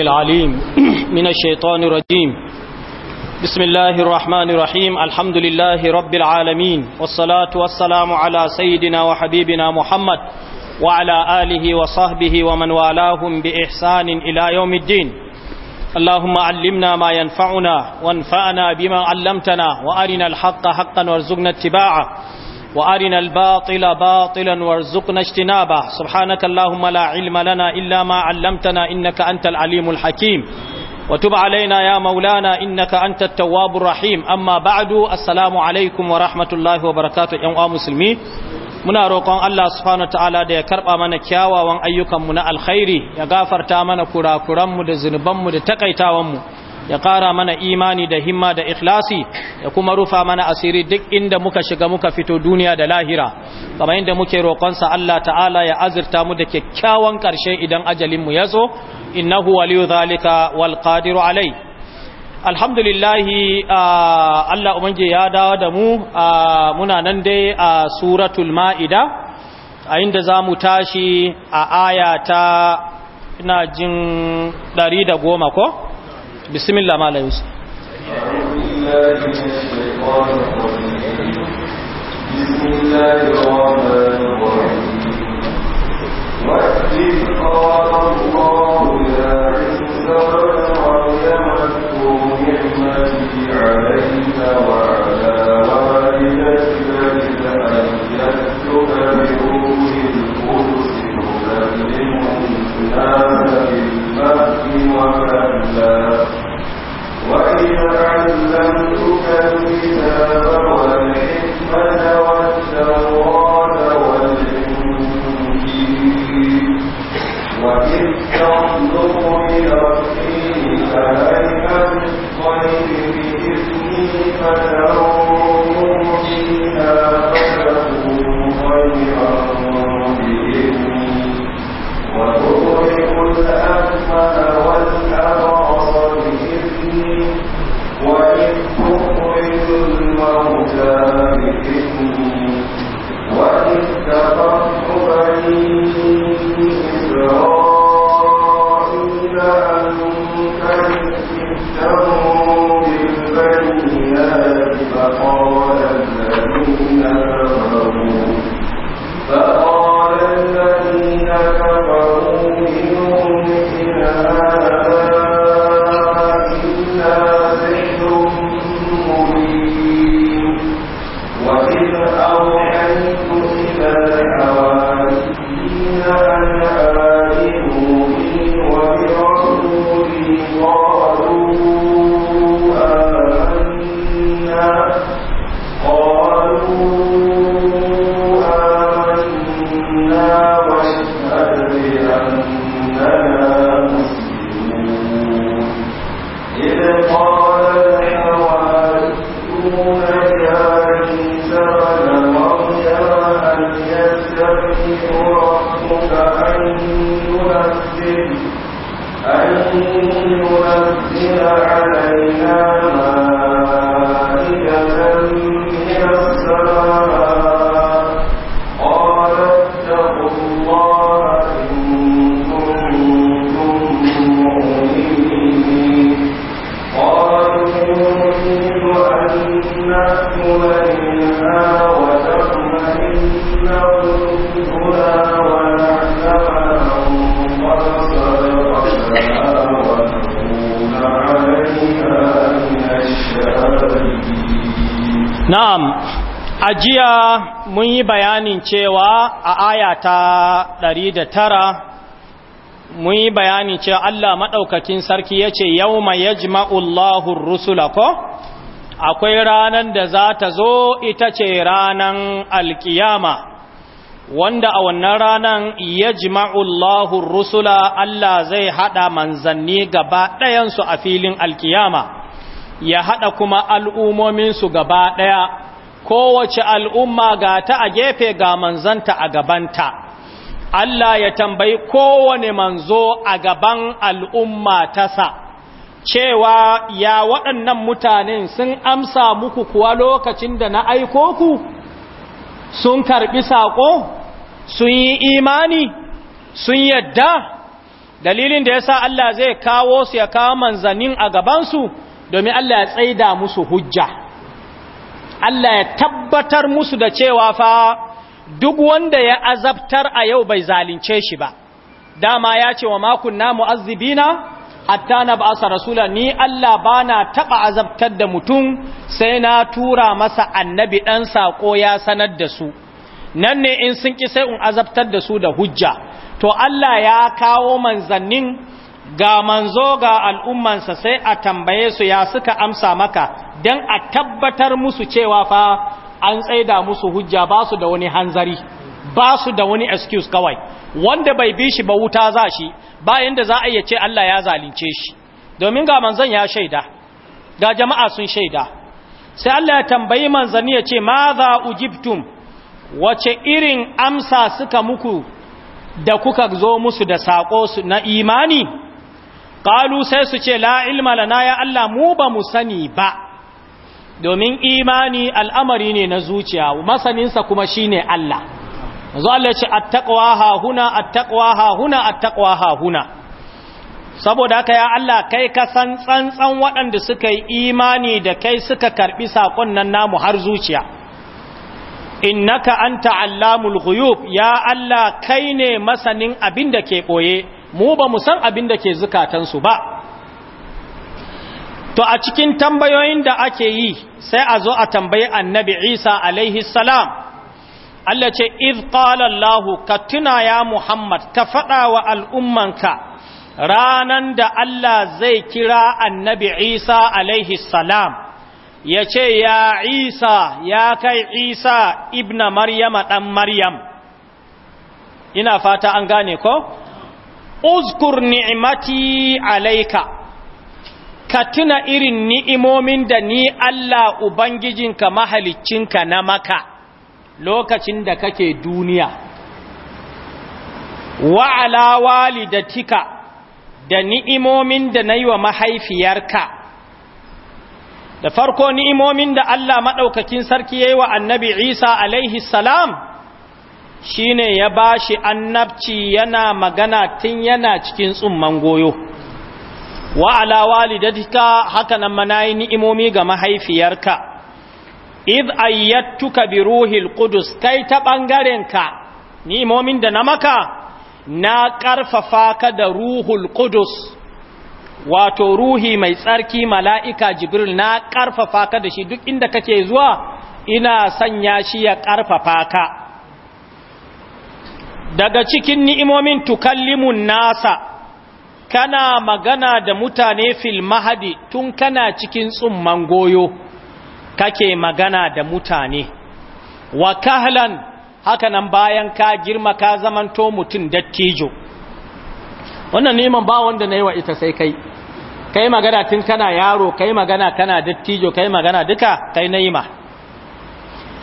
العليم من الشيطان الرجيم بسم الله الرحمن الرحيم الحمد لله رب العالمين والصلاة والسلام على سيدنا وحبيبنا محمد وعلى آله وصحبه ومن والاهم بإحسان إلى يوم الدين اللهم علمنا ما ينفعنا وانفعنا بما علمتنا وأرنا الحق حقا وارزقنا اتباعه وأرنا الباطل باطلا وارزقنا اجتنابه سبحانك اللهم لا علم لنا إلا ما علمتنا إنك أنت العليم الحكيم وتب علينا يا مولانا إنك أنت التواب الرحيم أما بعد السلام عليكم ورحمة الله وبركاته يا مسلمين muna roƙon Allah subhanahu ta'ala da ya karɓa mana kyawawan ayyukanmu na alkhairi ya gafarta mana kurakuranmu da zunubanmu da takaitawanmu ya ƙara mana imani da himma da ikhlasi ya kuma rufa mana asiri duk inda muka shiga muka fito duniya da lahira kamar inda muke roƙonsa Allah ta'ala ya azurta mu da kyakkyawan ƙarshe idan ajalinmu ya zo innahu waliyu zalika wal qadiru alai alhamdulillah Allah ubangiji ya dawo da mu muna nan dai a suratul ma'ida a inda zamu tashi a aya ta ina jin goma ko بسم الله ما مالا يوسف بسم الله الرحمن الرحيم وَإِذْ قَالَ اللَّهُ يَا عِيسَى ابْنَ مَرْيَمَ اذْكُرْ نِعْمَتِي عَلَيْكَ وَعَلَى وَالِدَتِكَ إِذْ أَيَّدتُّكَ بِرُوحِ الْقُدُسِ تُكَلِّمُ النَّاسَ a jiya mun yi bayanin cewa a aya ta 109 mun yi bayanin cewa Allah maɗaukakin sarki ya ce yau mai ya rusula ko akwai ranar da za ta zo ita ce ranar alkiyama wanda a wannan ranar ya rusula Allah zai haɗa manzanni gaba ɗayansu a filin alkiyama ya haɗa kuma al'ummominsu gaba ɗaya kowace al'umma ga ta a gefe ga manzanta a gabanta Allah ya tambayi kowane manzo a gaban al'umma ta sa, cewa ya waɗannan mutanen sun amsa muku kuwa lokacin da na aiko ku sun karɓi saƙo sun yi imani sun yadda dalilin da ya sa Allah zai kawo su ya kawo manzannin a gabansu domin Allah ya tsaida musu hujja Allah ya tabbatar musu da cewa fa duk wanda ya azabtar a yau bai zalunce shi ba dama ya ce wa namu na hatta na ba sa rasula ni Allah bana taba azabtar da mutum sai na tura masa annabi ɗan sako ya sanar da su nan ne in sun ki sai in azabtar da su da hujja to Allah ya kawo manzannin ga manzo ga al'ummansa sai a tambaye su ya suka amsa maka don a tabbatar musu cewa fa an tsaida musu hujja ba su da wani hanzari ba su da wani excuse kawai wanda bai bi shi ba wuta za shi bayan da za a iya ce Allah ya zalince shi domin ga manzon ya shaida ga jama'a sun shaida sai Allah ya tambayi manzanni ya ce ma za ujibtum wace irin amsa suka muku da kuka zo musu da saƙo na imani ƙalu sai su ce la ilma lana ya Allah mu ba mu sani ba domin imani al'amari ne na zuciya masaninsa kuma shi ne Allah zo Allah ce attaƙwa ha huna attaƙwa ha huna attaƙwa ha huna saboda haka ya Allah kai ka san tsantsan waɗanda suka yi imani da kai suka karɓi saƙon nan namu har zuciya innaka anta allamul ghuyub ya Allah kai ne masanin abin da ke ɓoye mu ba mu san abin da ke zukatansu ba to a cikin tambayoyin da ake yi sai a zo a tambayi annabi isa alaihi salam Allah ce iz qala Allah ka tuna ya Muhammad ka faɗawa wa al'ummanka ranan da Allah zai kira annabi isa alaihi salam ya ce ya isa ya kai isa ibna maryama ɗan maryam ina fata an gane ko uzkur ni'mati alaika ka tuna irin ni'imomin da ni Allah ubangijin Ubangijinka mahaliccinka na maka lokacin da kake duniya wa ala walidatika da ni'imomin da na yi wa mahaifiyarka da farko ni'imomin da Allah maɗaukakin sarki ya wa annabi Isa alaihi salam shine ya ba shi annabci yana magana tun yana cikin tsumman goyo wa ala walidatika haka nan manayi ni'imomi ga mahaifiyarka id ayyatuka bi ruhil qudus kai ta bangarenka ni'imomin da na maka na karfafa ka da ruhul qudus wato ruhi mai tsarki mala'ika jibril na karfafa ka da shi duk inda kake zuwa ina sanya shi ya karfafa ka daga cikin ni'imomin tukallimun nasa kana magana da mutane fil mahadi tun kana cikin tsumman goyo kake magana da mutane wa kahlan hakanan bayan ka girma ka zamanto mutum dattijo wannan neman ba wanda na yi wa ita sai kai kai magana tun kana yaro kai magana kana dattijo kai magana duka kai na yi ma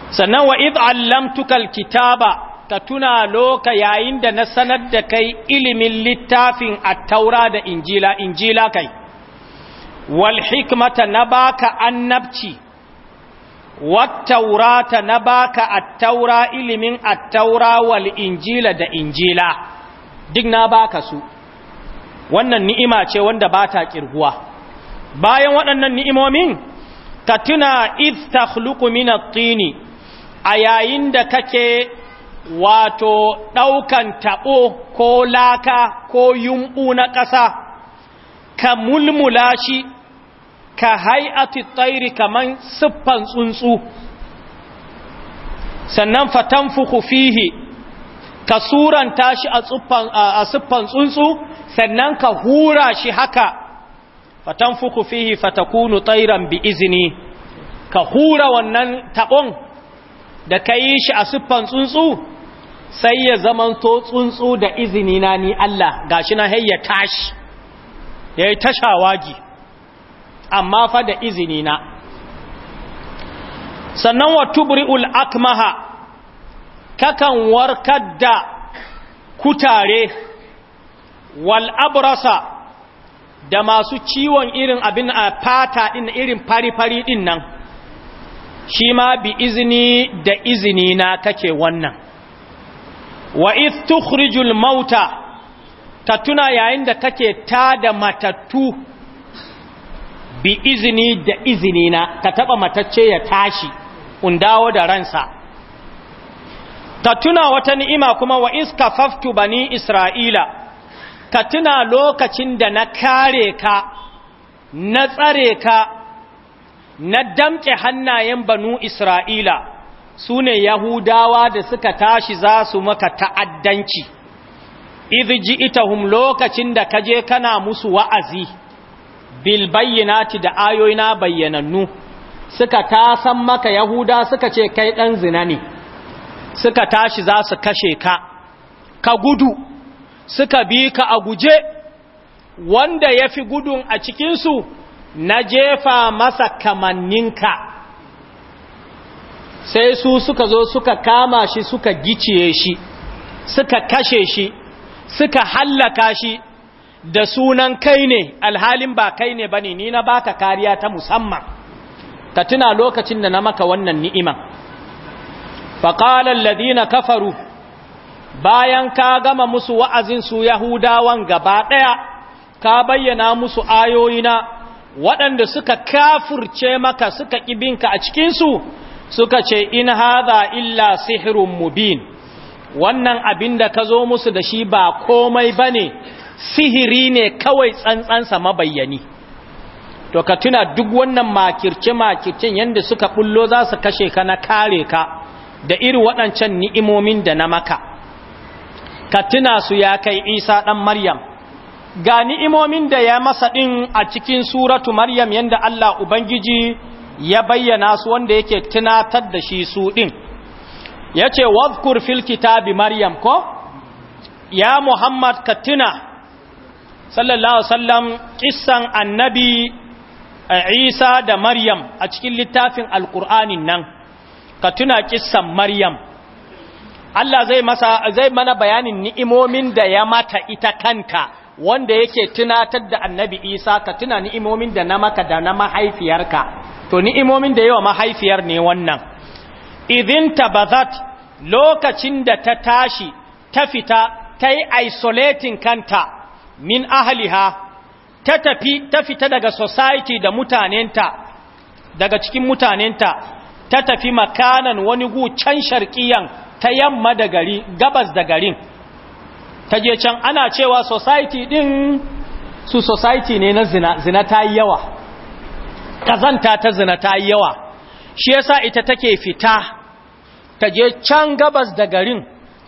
sannan wa id allamtukal kitaba ka tuna loka yayin da na sanar da kai ilimin littafin attaura da injila injila kai wal hikmata na baka annabci wattaurata na baka attaura ilimin attaura wal injila da injila duk na baka su wannan ni'ima ce wanda ba ta kirguwa bayan waɗannan ni'imomin ka tuna iz takhluqu min at-tini a yayin da kake wato ɗaukan taɓo ko laka ko yumɓu na ƙasa ka mulmula shi ka hai'ati tsairi kaman siffan tsuntsu sannan fatan fihi ka suranta shi a siffan tsuntsu sannan ka hura shi haka fatan fihi fatakunu tsairan bi izini ka hura wannan taɓon da ka yi shi a siffan tsuntsu sai ya zaman zamanto tsuntsu da izini na ni Allah ga shi na hayya tashi yayi tashawagi amma fa da izini na sannan wa tubri'ul akmaha kakan warkar da kutare wal abrasa da masu ciwon irin abin a fata din irin fari-fari din nan shi ma bi izini da izini na kake wannan wa iz tukhrijul mauta ta tuna yayin da take tada matattu bi izini da izini na ka taba matacce ya tashi undawo da ransa ka tuna wata ni'ima kuma wa iska faftu bani isra'ila ka tuna lokacin da na kare ka na tsare ka na damke hannayen banu isra'ila su ne yahudawa da suka tashi za su maka ta'addanci ji itahum lokacin da ka je kana musu wa'azi bil bayyinati da ayoyi na bayyanannu suka tasan maka yahuda suka ce kai ɗan zina ne suka tashi za su kashe ka ka gudu suka bi ka a guje wanda ya fi gudun a cikinsu na jefa masa kamanninka sai su suka zo suka kama shi suka giciye shi suka kashe shi suka hallaka shi da sunan kai ne alhalin ba kai ne bane ni na baka kariya ta musamman ka tuna lokacin da na maka wannan ni'ima faqala alladhina kafaru bayan ka gama musu wa'azin su yahudawan gaba daya ka bayyana musu ayoyina waɗanda suka kafurce maka suka kibinka a cikin su suka ce in hadha illa sihrun mubin wannan abin da ka zo musu da shi ba komai bane sihiri ne kawai tsantsansa mabayyani to ka tuna duk wannan makirce makircen yanda suka bullo za su kashe ka na kare ka da iri waɗancan ni'imomin da na maka ka tuna su ya kai isa ɗan maryam ga ni'imomin da ya masa ɗin a cikin suratu maryam yanda allah ubangiji ya bayyana su wanda yake tunatar da shi su din yace wadhkur fil kitabi maryam ko ya muhammad ka tuna sallallahu alaihi wasallam kissan annabi eh, isa da maryam a cikin littafin alqur'anin nan ka tuna kissan maryam Allah zai zai mana bayanin ni'imomin da ya mata ita kanta wanda yake tunatar da annabi isa ka tuna ni'imomin da na maka da na mahaifiyarka to ni'imomin da yawa mahaifiyar ne wannan idin tabazat lokacin da ta tashi ta fita ta yi isolating kanta min ahaliha ta tafi ta fita daga society da mutanenta daga cikin mutanenta ta tafi makanan wani gu can sharkiyan ta yamma da gari gabas da garin ta je can ana cewa society din su society ne na zina zina ta yi yawa kazanta ta zina ta yi yawa shi yasa ita take fita ta je can gabas da garin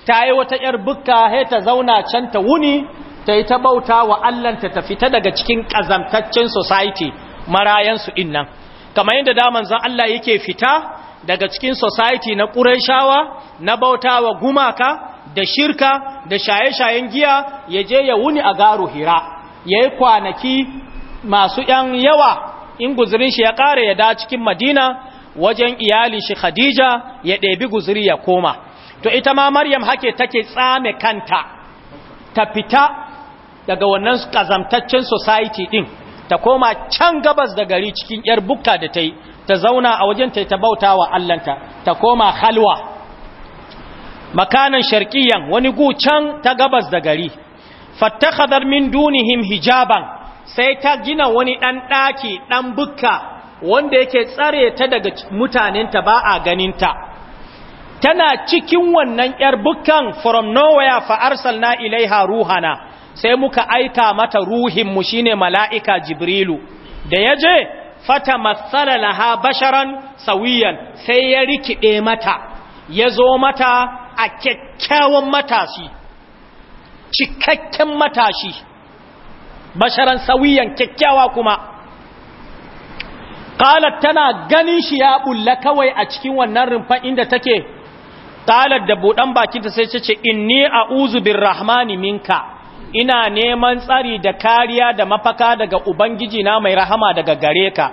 ta yi wata ‘yar bukka he ta zauna can ta wuni ta yi ta bauta wa ta fita daga cikin ƙazantaccen society marayansu innan kamar yadda daman zan Allah yake fita daga cikin society na ƙuraishawa na bauta wa gumaka da shirka da shaye-shayen giya ya je ya wuni a garu hira ya yi kwanaki masu ‘yan yawa in guzurin shi ya ƙara ya da cikin madina wajen iyali shi khadija ya ɗebi guziri ya koma to ita ma maryam hake take tsame kanta ta fita daga wannan ƙazamtaccen society ɗin ta koma can gabas da gari cikin ‘yar bukka da ta yi ta zauna a wajen ta yi ta bauta wa allanta ta koma halwa makanan sharqiyan wani gucan ta gabas da gari fattakhadar min dunihim hijaban sai ta gina wani dan daki dan bukka wanda yake tsare ta daga mutanenta ba a ta. tana cikin wannan yar bukkan from nowhere fa arsalna ilaiha ruhana sai muka aika mata ruhin mu shine mala'ika jibrilu da yaje fata matsala laha basharan sawiyan sai ya rikide mata ya zo mata a kyakkyawan matashi cikakken matashi basharan sauyan kyakkyawa kuma qalat tana ganin shi ya bulla kawai a cikin wannan rumfa, inda take qalat da budan bakinta sai ta ce inni a'uzu birrahmani minka ina neman tsari da kariya da mafaka daga ubangiji na mai rahama daga gare ka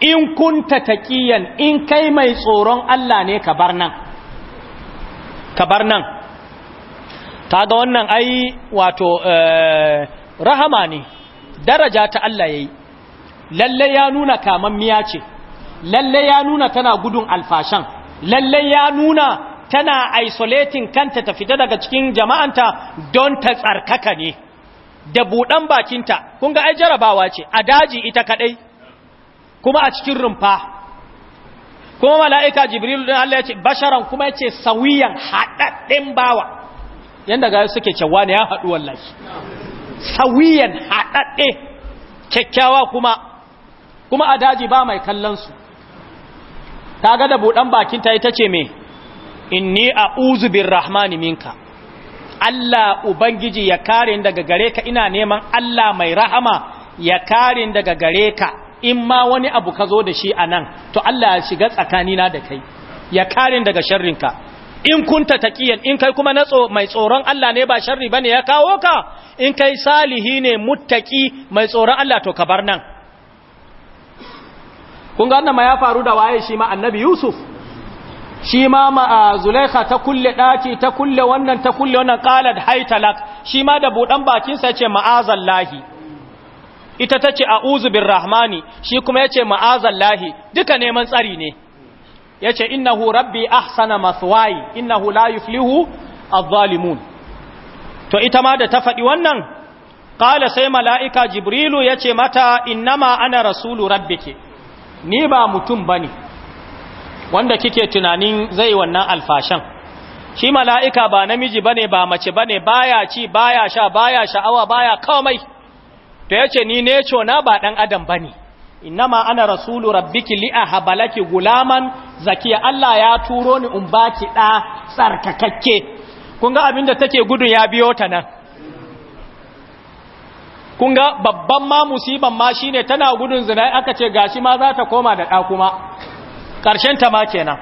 in kunta taqiyan in kai mai tsoron Allah ne ka bar nan ka bar nan kaga wannan ai wato eh, rahama ne daraja ta Allah yayi lalle ya nuna kamammiya ce lalle ya nuna tana gudun alfashan lalle ya nuna tana isolating kanta ta fita daga cikin jama'anta don ta tsarkaka ne da buɗan bakinta kun ga ai jarabawa ce a daji ita kadai kuma a cikin rumfa kuma mala'ika jibril din Allah ya ce basharan kuma ya ce sawiyan haɗaɗɗen bawa yadda ga suke cewa ne ya haɗu wallahi sawiyan haɗaɗɗe kyakkyawa kuma kuma a daji ba mai kallonsu ta ga da buɗan bakinta ita ce me inni a uzubin rahmani minka Allah Ubangiji ya kare daga gare ka ina neman Allah mai rahama ya kare daga gare ka in ma wani abu ka zo da shi a nan to Allah ya shiga tsakanina da kai ya karin daga sharrinka in kunta taqiyan in kai kuma natso mai tsoron Allah ne ba sharri bane ya kawo ka in kai salihi ne muttaqi mai tsoron Allah to ka bar nan kun ga annama ya faru da waye shi ma annabi Yusuf shi ma Zulaikha ta kulle daki ta kulle wannan ta kulle wannan qalat haytalak shi ma da budan bakin sa ce ma'azallahi ita ta ce a'uzu rahmani shi kuma ya yace ma'azallahi duka neman tsari ne ya yace innahu rabbi ahsana mathwai innahu layuflihu yuflihu to ita ma da ta faɗi wannan ƙala sai mala'ika jibrilu ya ce mata innama ana rasulu ke ni ba mutum bane wanda kike tunanin zai wannan alfashan shi mala'ika ba namiji bane ba mace bane ya ci ba ya sha ba baya sha'awa baya kawai to yace ni ne na ba dan adam bane ma ana rasulu rabbiki li ahabalaki gulaman zakiya Allah ya turo ni in baki da tsarkakakke kun ga abinda take gudun ya biyo ta nan kun ga babban ma musiban ma shine tana gudun zina aka ce gashi ma za ta koma da ɗa kuma ƙarshen ta ma kenan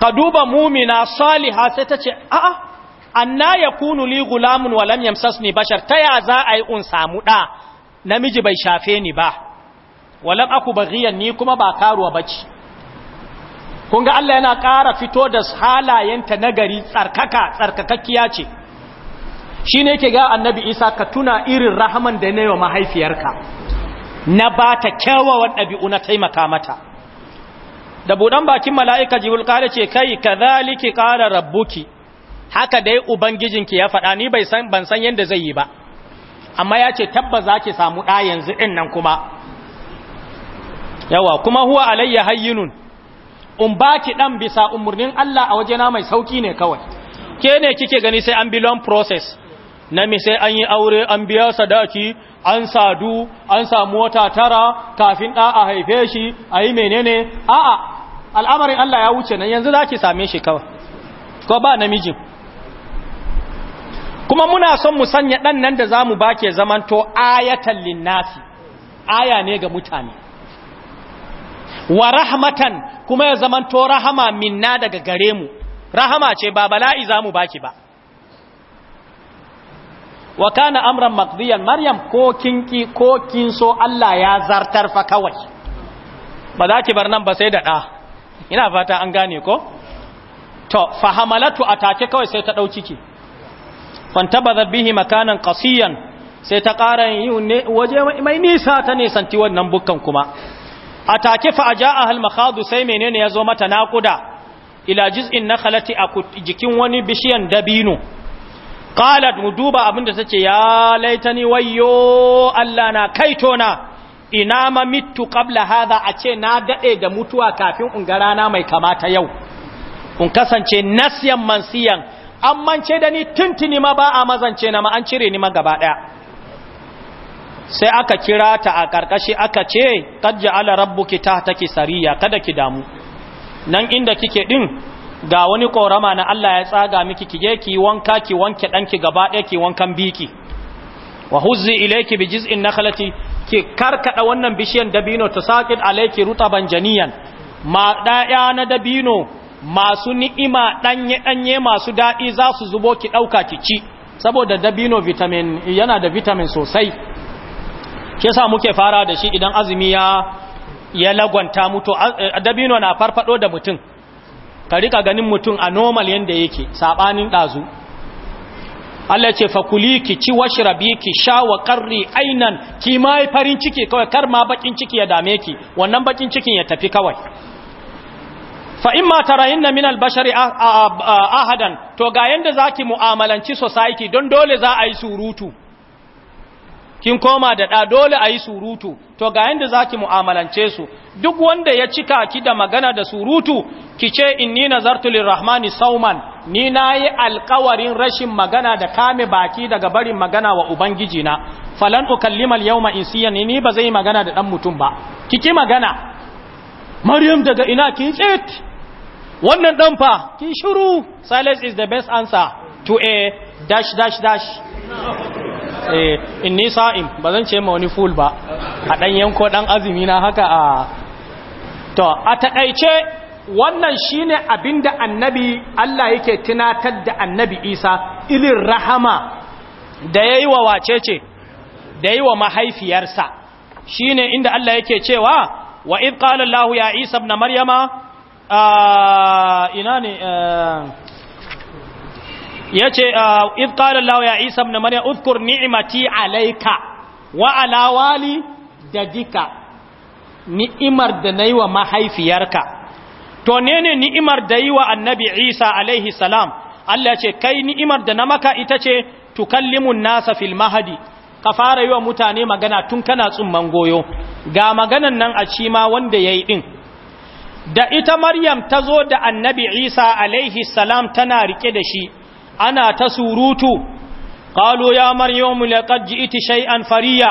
ka duba mumina saliha sai ta ce a'a anna yakunu li gulamun wa lam yamsasni bashar ta ya za a yi un samu da namiji bai shafe ni ba walam aku baghiyan ni kuma ba karuwa bace kun ga Allah yana ƙara fito da halayenta nagari tsarkaka tsarkakakkiya ce shi ne ke ga annabi isa ka tuna irin rahaman da na wa mahaifiyarka na ba ta kyawawan ɗabi'u na taimaka mata da buɗan bakin mala'ika jibul ƙara ce kai ka zaliki ƙara rabbuki haka dai ki ya faɗa ni bai san ban san yadda zai yi ba amma ya ce tabba za ki samu ɗa yanzu ɗin nan kuma yawa kuma huwa alayya hayyinun in ba ki ɗan bisa umarnin Allah a waje na mai sauƙi ne kawai ke ne kike gani sai an bi long process na mi sai an yi aure an biya sadaki an sadu an samu wata tara kafin ɗa a haife shi a yi menene a'a al'amarin Allah ya wuce nan yanzu zaki ki same shi kawai ko ba namijin kuma muna son mu sanya ɗan nan da za mu ba ke zamanto ayatan linnasi aya ne ga mutane wa rahmatan kuma ya zamanto rahama minna daga gare mu rahama ce ba bala'i za mu baki ba wa kana amran maqdiyan maryam ko kinki ko kin so Allah ya zartar fa kawai ba za ki bar nan ba sai da da ina fata an gane ko to fahamalatu a take kawai sai ta dauki ki fantabazat bihi makanan qasiyan sai ta ƙara yin waje mai nisa ta nisanci wannan bukkan kuma a take fa ja al makhadu sai menene ya zo mata naquda ila na nakhlati a jikin wani bishiyan dabino qalat muduba abinda tace ya laitani wayyo Allah na kaito na ina ma mitu qabla hadha a ce na dade da mutuwa kafin ungarana mai kamata yau kun kasance nasiyan mansiyan an mance da ni tuntuni ma ba a mazance na ma an cire ni ma gaba ɗaya sai aka kira ta a ƙarƙashi aka ce kajja ala rabbuki ta ki sariya kada ki damu nan inda kike ɗin ga wani ƙorama na Allah ya tsaga miki ki je ki wanka ki wanke ɗanki gaba ɗaya ki wankan biki wa huzzi ilayki bi jiz'in nakhlati ki karkada wannan bishiyan dabino ta saqid alayki rutaban janiyan ma ɗaya na dabino masu ni'ima danye danye masu daɗi za su zubo ki ɗauka ki ci saboda dabino vitamin yana da vitamin sosai ke sa muke fara da shi idan azumi ya ya lagwanta mutu dabino na farfado da mutum ka rika ganin mutum a normal yanda yake saɓanin ɗazu. Allah ce fakuli ki ci washrabi ki sha wa qarri ainan ki mai farin ciki kawai kar ma bakin ciki ya dame ki wannan bakin cikin ya tafi kawai fa in ma tarayinna min albashari ahadan to ga yanda zaki mu'amalanci society don dole za a yi surutu kin koma da da dole a yi surutu to ga yanda zaki mu'amalance su duk wanda ya cika ki da magana da surutu ki ce inni nazartu lirrahmani sauman ni nayi alƙawarin rashin magana da kame baki daga barin magana wa ubangiji na falan ukallimal yawma insiya ni ba zai magana da dan mutum ba kiki magana Maryam daga ina kin tsit wannan danfa kin ki shiru silence is the best answer to a dash dash dash eh inni sa'im bazan ce ma wani ba a dan yanko dan azumi na haka a to a taƙaice wannan shine abinda annabi Allah yake tunatar da annabi Isa ilin rahama da yayi wa wacece da yayi wa mahaifiyarsa shine inda Allah yake cewa wa id qala ya Isa ibn Maryama Ah, ina ne eh, ya ce ah, ifkalar ya isa na mariya uskur ni'imati alaika wa alawali da dika ni'imar da na yi wa mahaifiyarka to ne ne ni'imar da yi wa annabi isa alaihi salam Allah ce kai ni'imar da na maka ita ce tukallimun nasa fil mahadi ka fara yi wa mutane magana tun kana tsumman goyo ga maganan nan a cima wanda ya yi ɗin da ita maryam ta zo da annabi isa alaihi salam tana rike da shi ana ta surutu ƙalo ya maryamu iti shai shay'an fariya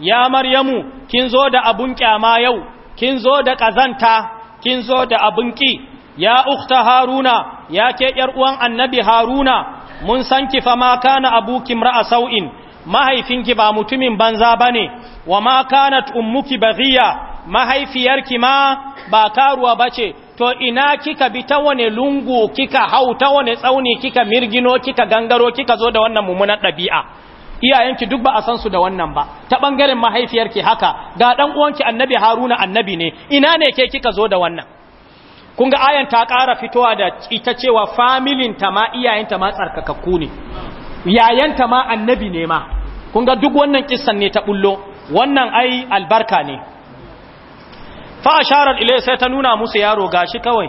ya maryamu kin zo da abun kyama yau kin zo da ƙazanta kin zo da abun ƙi ya ukta haruna ya ke uwan annabi haruna mun san ki fa ma kana abuki ra'a sau'in mahaifinki ba mutumin banza bane wa ma kanat ummuki baghiya mahaifiyarki ma ba karuwa ba ce to ina kika bi ta wane lungu kika hau ta wane tsauni kika mirgino kika gangaro kika zo da wannan mummunan ɗabi'a iyayenki duk ba a san su da wannan ba ta ɓangaren mahaifiyarki haka ga ɗan uwanki annabi haruna annabi ne ina ne ke kika zo da wannan kun ga ayan ta ƙara fitowa da ita cewa familinta ma iyayenta ma tsarkakakku ne yayanta ma annabi ne ma kun ga duk wannan kissan ne ta bullo wannan ai albarka ne Fa'a sharar ile sai ta nuna musu yaro gashi kawai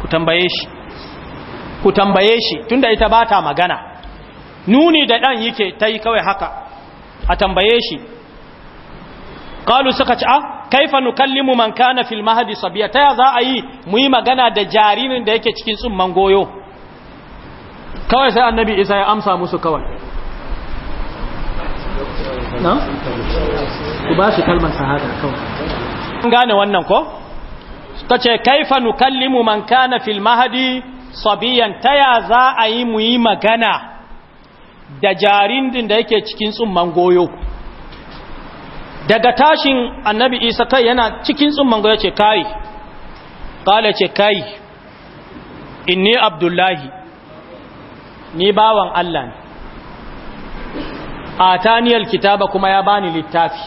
ku tambaye shi ku tambaye shi tunda ita ba ta magana nuni da ɗan yake ta yi kawai haka a tambaye shi ƙalu suka ci a kaifa nukallimu man kana fil mahadi sabiya ta za a yi mu yi magana da jaririn da yake cikin tsumman goyo kawai sai annabi isa ya amsa musu kawai na? ku ba su kalmar shahada kawai an gane wannan ko? ta ce kaifa nukallimu man kana fil mahadi sabiyan taya za a yi mu yi magana da jarindin da yake cikin tsumman goyo daga tashin annabi isa kai yana cikin tsumman goyo ce kai kala ce kai inni abdullahi ni bawan Allah ataniyal kitaba kuma ya bani littafi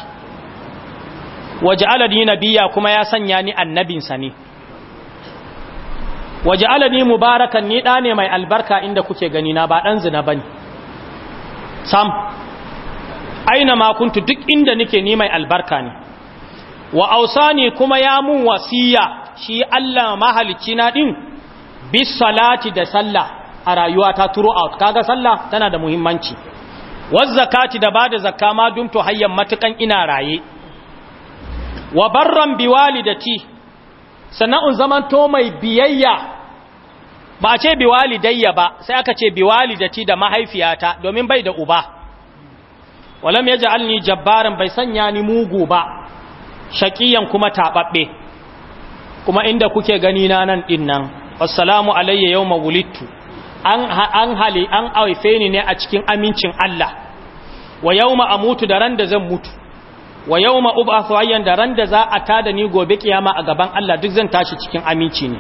waje waj'alani nabiyya kuma ya sanya ni annabinsa ne waje waj'alani mubarakan ni da ne mai albarka inda kuke gani na ba dan zina bane sam aina ma duk inda nike ni mai albarka ne wa ausani kuma ya mun wasiya shi Allah mahalicci na din bis salati da sallah a rayuwa ta out kaga sallah tana da muhimmanci wazzakati da bada zakka ma dumtu hayyan matukan ina raye wa barran biwalidati sana'un zaman to mai biyayya ba a ce biwalidayya ba sai aka ce biwalidati da mahaifiyata domin bai da uba walam yaj'alni jabbaran bai sanya ni mugu ba shaqiyan kuma tababbe kuma inda kuke gani na nan din nan assalamu alayya yawma wulidtu an hali an haife ni ne a cikin amincin Allah wa yauma amutu da ran da zan mutu wa yauma uba hayyan da ran da za a tada ni gobe kiyama a gaban Allah duk zan tashi cikin aminci ne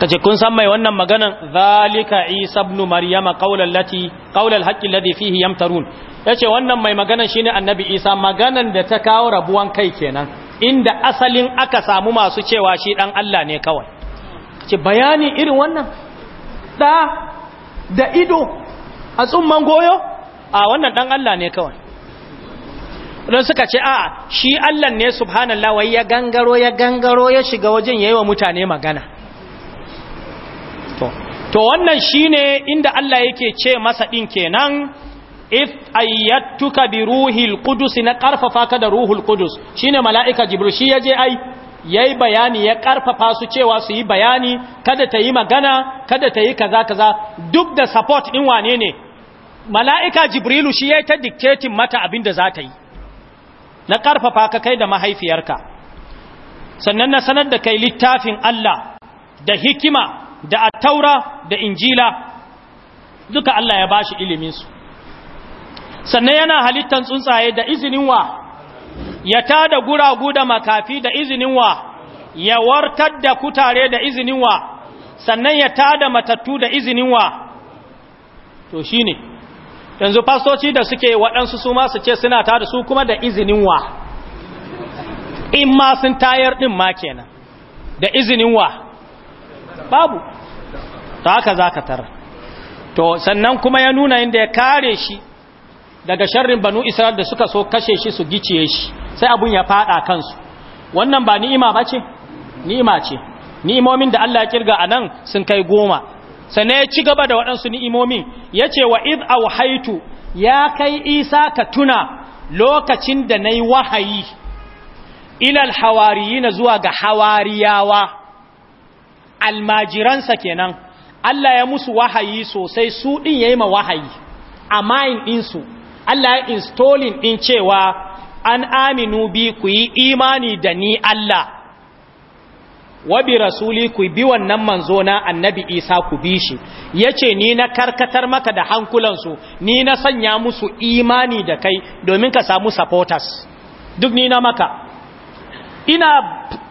kace kun san mai wannan maganan zalika isa ibn maryama qawlan lati qawlal haqqi alladhi fihi yamtarun yace wannan mai maganan shine annabi isa maganan da ta kawo rabuwan kai kenan inda asalin aka samu masu cewa shi dan Allah ne kawai ce bayani irin wannan ɗa da ido a tsumman goyo a wannan dan Allah ne kawai don suka ce a shi Allah ne subhanallah wai ya gangaro ya gangaro ya shiga wajen yayi wa mutane magana to to wannan shine inda Allah yake ce masa din kenan if ayyatuka bi ruhil qudus na karfafa ka da ruhul qudus shine malaika jibril shi yaje ai ya yi bayani ya karfafa su cewa su yi bayani kada ta yi magana kada ta yi kaza kaza duk da support din wane ne mala'ika jibrilu shi ya yi ta dictating mata abin da za ta yi na karfafa ka kai da mahaifiyarka sannan na sanar da kai littafin Allah da hikima da attaura da injila duka Allah ya bashi iliminsu sannan yana halittan tsuntsaye da izinin wa ya tada guragu da makafi da izinin wa ya wartar da kutare da izinin wa sannan ya tada matattu da izinin wa to shine yanzu fastoci da suke waɗansu su ma su ce suna tada su kuma da izinin wa in ma sun tayar ɗin ma kenan da izinin wa babu ta haka za ka tara to sannan kuma ya nuna inda ya kare shi daga sharrin banu isra'il da suka so kashe shi su giciye shi sai abun ya fada kansu wannan ba ni'ima ba ce ni'ima ce ni'imomin da Allah ya kirga a nan sun kai goma sannan ya ci gaba da waɗansu ni'imomin ya ce wa id auhaitu ya kai isa ka tuna lokacin da na yi wahayi ilal hawariyina zuwa ga hawariyawa almajiransa kenan Allah ya musu wahayi sosai su ɗin ya yi ma wahayi a mayin ɗinsu Allah ya installing din cewa an aminu bi ku yi imani da ni Allah wa rasuli ku bi wannan manzo na annabi Isa ku bi shi yace ni na karkatar maka da hankulansu ni na sanya musu imani da kai domin ka samu supporters duk ni na maka ina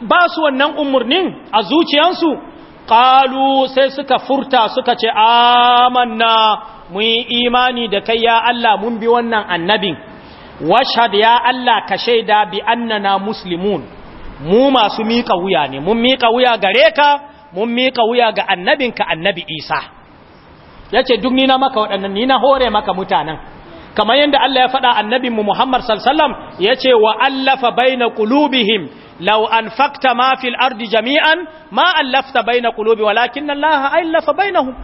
ba su wannan umarnin a zuciyansu ƙalu sai suka furta suka ce amanna mun yi imani da kai ya Allah mun bi wannan annabin washhad ya Allah ka shaida bi annana muslimun mu masu mika wuya ne mun mika wuya gare ka mun mika wuya ga annabinka annabi Isa yace duk ni na maka waɗannan ni na hore maka mutanen kamar yadda Allah ya faɗa annabin mu Muhammad sallallahu alaihi wasallam yace wa allafa baina qulubihim law anfaqta ma fil ardi jami'an ma allafta baina qulubi walakin Allah allafa bainahum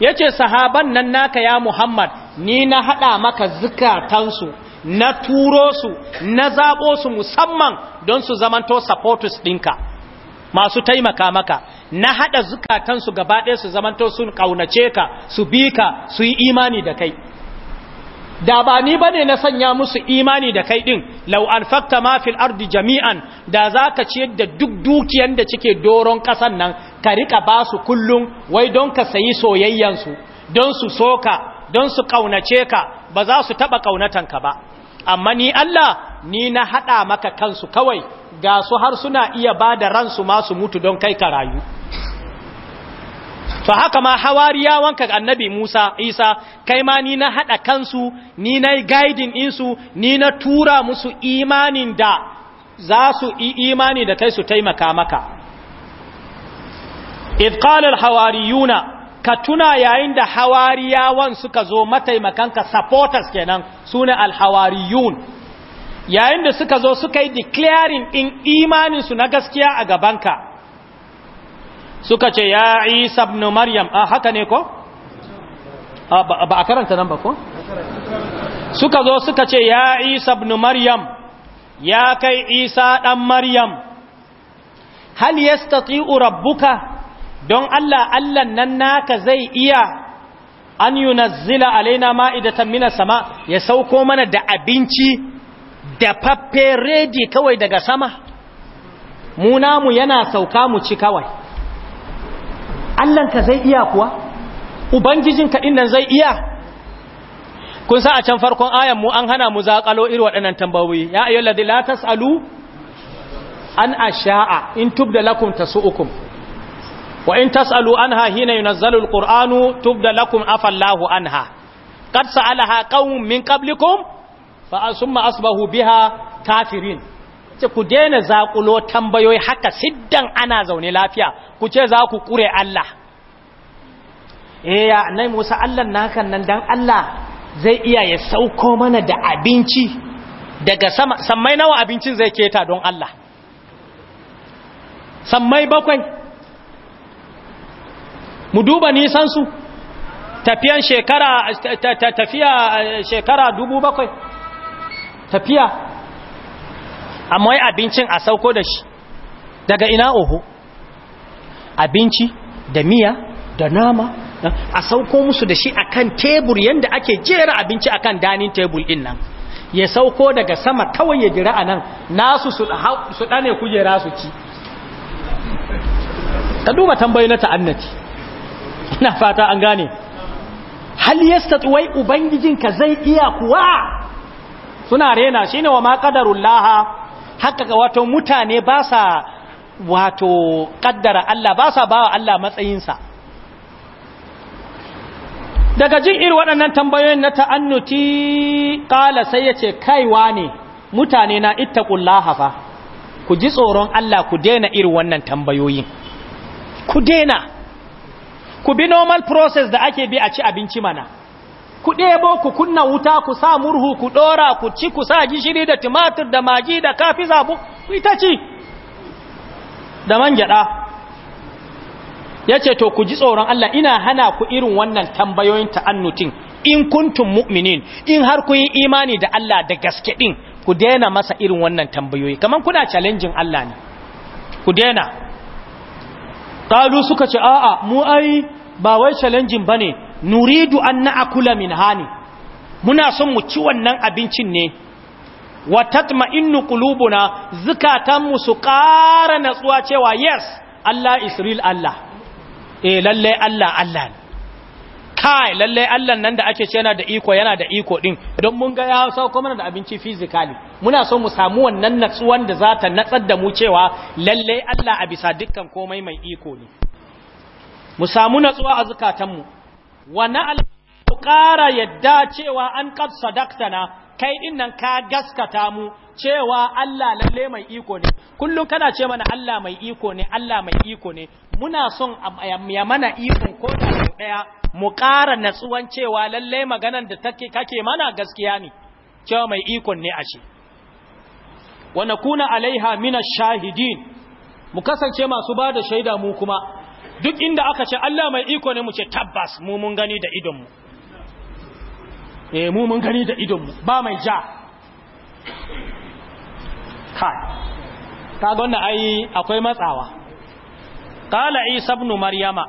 ya ce sahaban nan naka ya Muhammad ni na haɗa maka zukatansu na turo su na zaɓo su musamman don su zamanto supporters ɗinka masu taimaka maka na haɗa zukatansu gaba ɗaya su zamanto sun ƙaunace ka su bi ka su yi imani da kai da ba ni bane na sanya musu imani da kai ɗin law anfaqta ma fil ardi jami'an da zaka ciyar da duk dukiyan da cike doron kasan nan ka rika ba su kullum wai don ka sayi soyayyansu don su soka don su kaunace ka ba za su taba ka ba amma ni Allah ni na hada maka kansu kawai ga su har suna iya ba da ransu masu mutu don kai ka rayu to haka ma wanka annabi Musa Isa kai ma ni na hada kansu ni na guiding insu ni na tura musu imanin da za su yi imani da kai su taimaka maka idqalal hawariyuna ka tuna yayin da hawariyawan suka zo mataimakan ka supporters kenan sune alhawariyun yayin da suka zo suka yi declaring in imanin su na gaskiya a gabanka suka ce ya Isa ibn Maryam a haka ne ko ba a karanta nan ba ko suka zo suka ce ya Isa ibn Maryam ya kai Isa dan Maryam hal yastati'u rabbuka don Allah Allah nan naka zai iya an yunazzila alaina ma'idatan mina sama ya sauko mana da abinci da faffe redi kawai daga sama mu yana sauka mu ci kawai ka zai iya kuwa ubangijinka dinnan zai iya kun sa a can farkon ayan mu an hana mu zaƙalo iri waɗannan tambayoyi ya ayyuhal ladhi la an asha'a in tub tubda su ukun. wa in tas'alu anha hina yunazzalu alqur'anu tubda lakum afallahu anha qad sa'alaha qaumun min qablikum fa asumma asbahu biha kafirin ce ku daina zakulo tambayoyi haka siddan ana zaune lafiya ku ce za ku kure Allah eh ya nai Musa Allah nakan nan dan Allah zai iya ya sauko mana da abinci daga sama sammai nawa abincin zai keta don Allah sammai bakwai mu duba nisan su tafiyan shekara tafiya eh, shekara dubu bakwai tafiya amma wai abincin a sauko da shi daga ina oho abinci da miya da nama eh, a sauko musu da shi kan tebur yadda ake jera abinci akan danin tebur din nan ya sauko daga sama kawai ya jira a nan nasu su ɗane kujera su ci ka duba tambayi na ta'annati ina fata an gane hal tuwai ubangijin ka zai iya kuwa suna rena shine wa ma laha haka ga wato mutane ba sa wato kaddara Allah ba sa bawa Allah matsayin sa daga jin irin waɗannan tambayoyin na ta'annuti ƙala sai yace kaiwa ne mutane na ittaqullaha fa ku ji tsoron Allah ku daina irin wannan tambayoyin ku daina ku bi normal process da ake bi a ci abinci mana ku ɗebo ku kunna wuta ku sa murhu ku ɗora ku ci ku sa gishiri da tumatir da magi da kafi zabu ku ita ci da man gyaɗa ya ce to ku ji tsoron Allah ina hana ku irin wannan tambayoyin ta'annutin in kuntun mu'minin in har ku yi imani da Allah da gaske ɗin ku daina masa irin wannan tambayoyi kamar kuna challenging Allah ne ku daina ƙalu suka ce a'a mu ai ba wai challenging ba ne nuridu an na akula min hani muna son mu ci wannan abincin ne wa innu qulubuna zukatanmu su ƙara natsuwa cewa yes Allah is real Allah eh lallai Allah Allah ne kai lalle Allah nan da ake ce yana da iko yana da iko din don mun ga ya sauko mana da abinci physically muna so mu samu wannan natsuwan da zata natsar da mu cewa lalle Allah a bisa dukkan komai mai iko ne mu samu natsuwa a zukatanmu wa na ƙara yadda cewa an qad sadaqtana kai din nan ka gaskata mu cewa Allah lalle mai iko ne kullum kana ce mana Allah mai iko ne Allah mai iko ne muna son ya mana ikon ko da daya mu ƙara natsuwan cewa lalle maganan da take kake mana gaskiya ne cewa mai ikon ne a ashe wa nakuna alaiha minash shahidin mu kasance masu bada shaida mu kuma duk inda aka ce Allah mai iko ne mu ce tabbas mu mun gani da idon mu eh mu mun gani da idon ba mai ja Ka kaga wannan ai akwai matsawa qala isa qala isa ibn maryama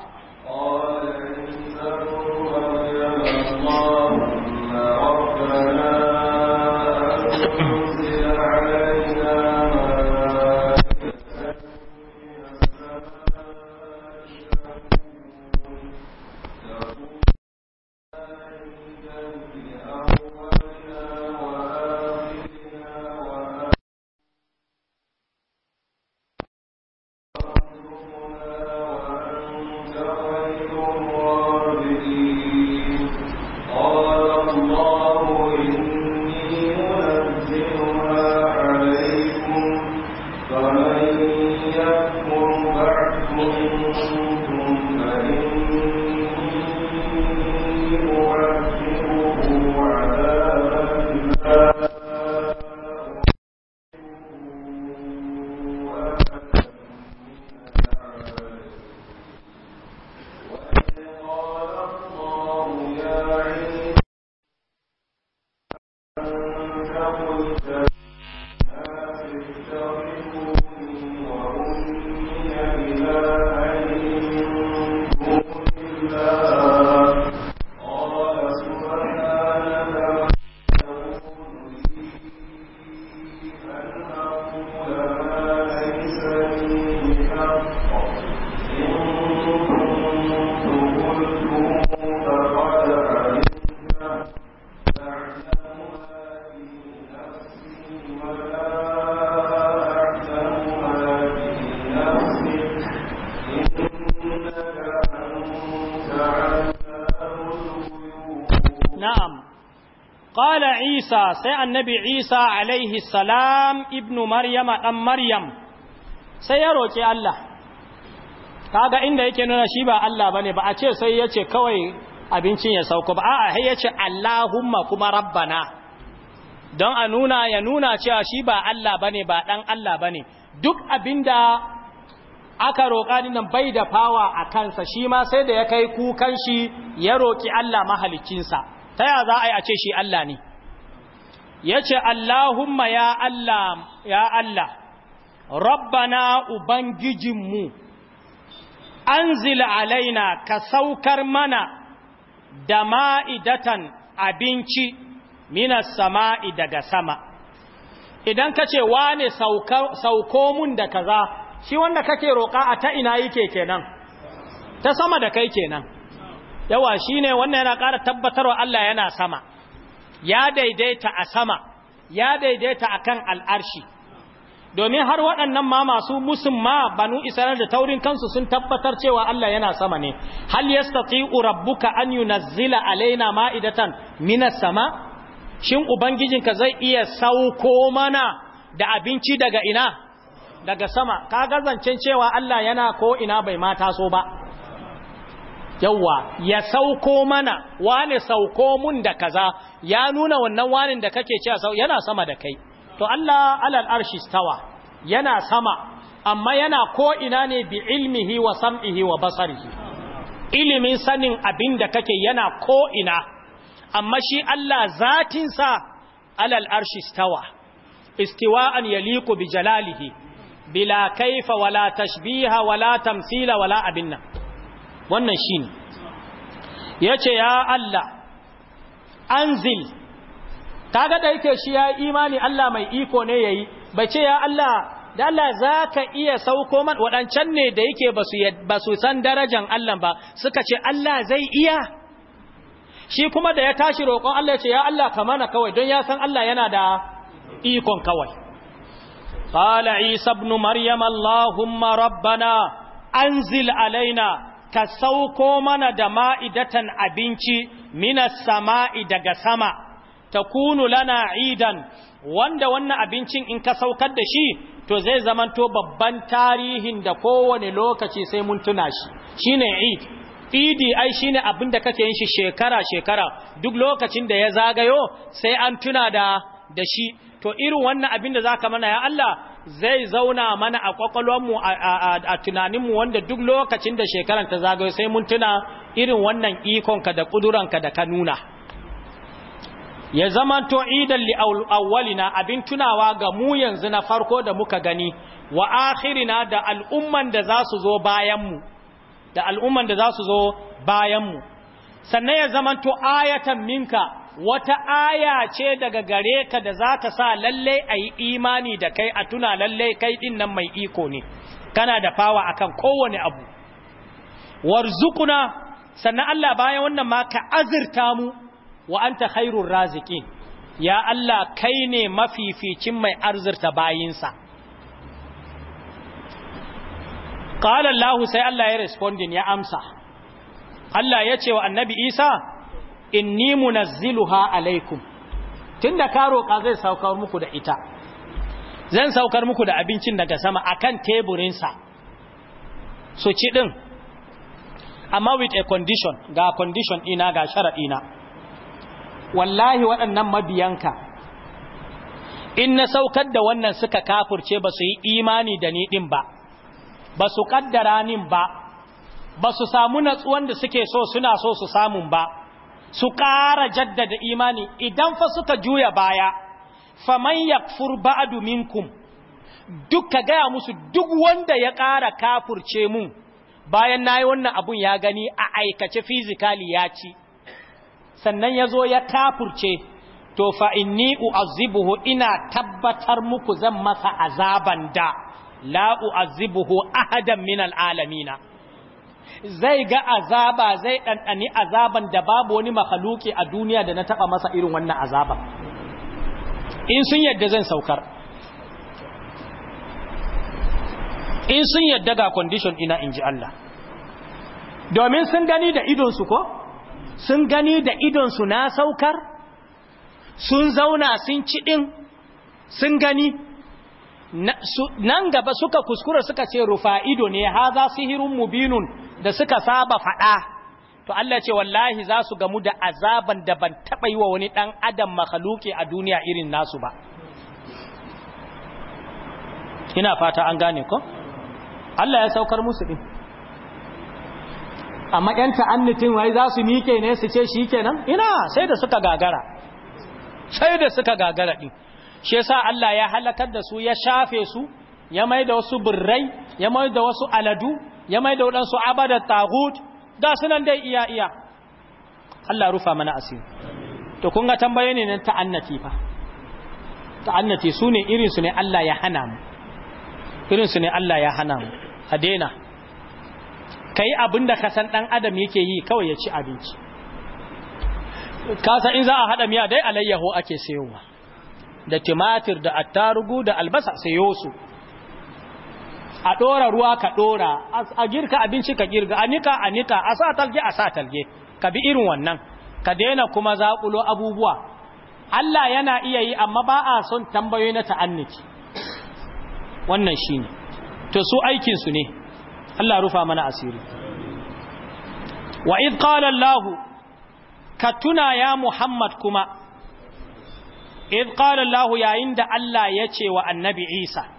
sai annabi isa alaihi salam ibnu maryama dan maryam sai ya roƙi allah kaga inda yake nuna shi ba allah bane ba a ce sai ya ce kawai abincin ya sauko ba a'a sai ya ce allahumma kuma rabbana don a nuna ya nuna cewa shi ba allah bane ba dan allah bane duk abinda aka roƙa nan bai da fawa a kansa shi ma sai da ya kai kukan shi ya roƙi allah mahalicinsa ta ya za a yi a ce shi allah ne ya ce Allahumma ya Allah ya Allah rabbana ubangijinmu zila alaina ka saukar mana da ma'idatan abinci minas sama'i daga sama idan ka ce wane sauko mun da kaza shi wanda kake roƙa a ta ina yake kenan ta sama da kai kenan yawa shi ne wannan yana ƙara tabbatarwa Allah yana sama ya daidaita a sama ya daidaita a kan al'arshi domin har waɗannan ma masu musumma ma banu isra'il da taurin kansu sun tabbatar cewa Allah yana sama ne hal yastati'u rabbuka an yunazzila alaina ma'idatan minas sama shin ubangijinka zai iya sauko mana da abinci daga ina daga sama ka gazancen cewa Allah yana ko ina bai mata so ba yauwa ya sauko mana wane sauko mun da kaza ya nuna wannan wanin da kake cewa yana sama da kai to Allah alal arshi stawa yana sama amma yana ko ina ne bi ilmihi wa sam'ihi wa basarihi ilimin sanin abin da kake yana ko ina amma shi Allah zatin sa alal arshi stawa istiwa'an yaliqu bi jalalihi bila kaifa wala tashbiha wala tamthila wala abinna wannan shi ne ya ce ya Allah anzil ta gada yake shi ya imani Allah mai iko ne ya yi bai ce ya Allah da Allah za ka iya sauko man waɗancan ne da yake ba su san darajan Allah ba suka ce Allah zai iya shi kuma da ya tashi roƙon Allah ya ce ya Allah ka mana kawai don ya san Allah yana da ikon kawai قال عيسى ابن مريم اللهم ربنا أنزل علينا ka sauko mana da ma'idatan abinci minas sama'i daga sama ta kunu lana idan wanda wannan abincin in ka saukar da shi to zai zamanto babban tarihin da kowane lokaci sai mun tuna shi Shi id idi ai ne abin da kake yin shi shekara shekara duk lokacin da ya zagayo sai an tuna da shi to irin wannan abin da za ka mana ya Allah zai zauna mana a mu a tunaninmu wanda duk lokacin da shekaran ta zagaye sai mun tuna irin wannan ikonka da ƙuduranka da ka nuna ya zama to idan li'awwalina abin tunawa ga mu yanzu na farko da muka gani wa akhirina da al'umman da za su zo bayanmu da al'umman da za su zo bayanmu sannan ya zama to ayatan minka wata aya ce daga gare ka da za ka sa lallai a yi imani da kai a tuna lallai kai ɗin nan mai iko ne kana da fawa akan kowane abu warzukuna sannan Allah bayan wannan ma ka azirta mu wa anta hairun raziki ya Allah kai ne mafificin mai arzirta bayinsa qala lahu sai Allah ya respondin ya amsa Allah ya ce wa annabi Isa inni munazziluha alaikum tunda ka zai saukar muku da ita zan saukar muku da abincin daga sama akan teburinsa su ci din amma with a condition ga condition ina ga sharaɗina wallahi waɗannan mabiyanka in na saukar da wannan suka kafurce ba su yi imani da ni ɗin ba ba su ƙaddara nin ba ba su samu natsuwan da suke so suna so su samu ba su ƙara jaddada imani idan fa suka juya baya faman yakfur ba'du minkum duk ka gaya musu duk wanda ya ƙara kafurce mun bayan na yi wannan abun ya gani a aikace fizikali ya ci sannan ya zo ya kafurce to fa fa'inni u'azibuhu ina tabbatar muku zan masa azaban da la la'u'azzibuhu ahadan min al'alamina zai ga azaba zai ɗanɗani azaban da babu wani mahaluki a duniya da na taɓa masa irin wannan azaban in sun yadda zan saukar in sun yadda ga condition ina in ji Allah domin sun gani da idonsu ko sun gani da idonsu na saukar sun zauna sun ciɗin, sun gani nan gaba suka kuskura suka ce rufa ido ne haza hirin mubinun da suka saba faɗa to Allah ce wallahi za su gamu da azaban da ban taɓa yi wa wani ɗan adam makhaluki a duniya irin nasu ba ina fata an gane ko Allah ya saukar musu ɗin amma ‘yan ta'annitin wai za su mike ne su ce shi kenan ina sai da suka gagara sai da suka gagara ɗin shi yasa Allah ya halakar da su ya shafe su ya mai da wasu birrai ya mai da wasu aladu ya mai da waɗansu abadar tagut ga sunan dai iya iya Allah rufa mana asiri to kun ga tambaye ne na ta'annati fa ta'annati su ne irinsu ne Allah ya hana mu irinsu ne Allah ya hana mu a daina ka yi abin da ka san ɗan adam yake yi kawai ya ci abinci kasa in za a haɗa miya dai alayyaho ake sayowa da timatir da attarugu da albasa sayo su a ɗora ruwa ka ɗora a girka abinci ka girga a nika a nika a sa talge a sa talge ka bi irin wannan ka daina kuma zaƙulo abubuwa Allah yana iya yi amma ba a son tambayoyi na ta'anniki wannan shi ne to su aikinsu ne Allah rufa mana asiri wa idh ka tuna ya Muhammad kuma idh Allah yayin da Allah ya ce wa annabi Isa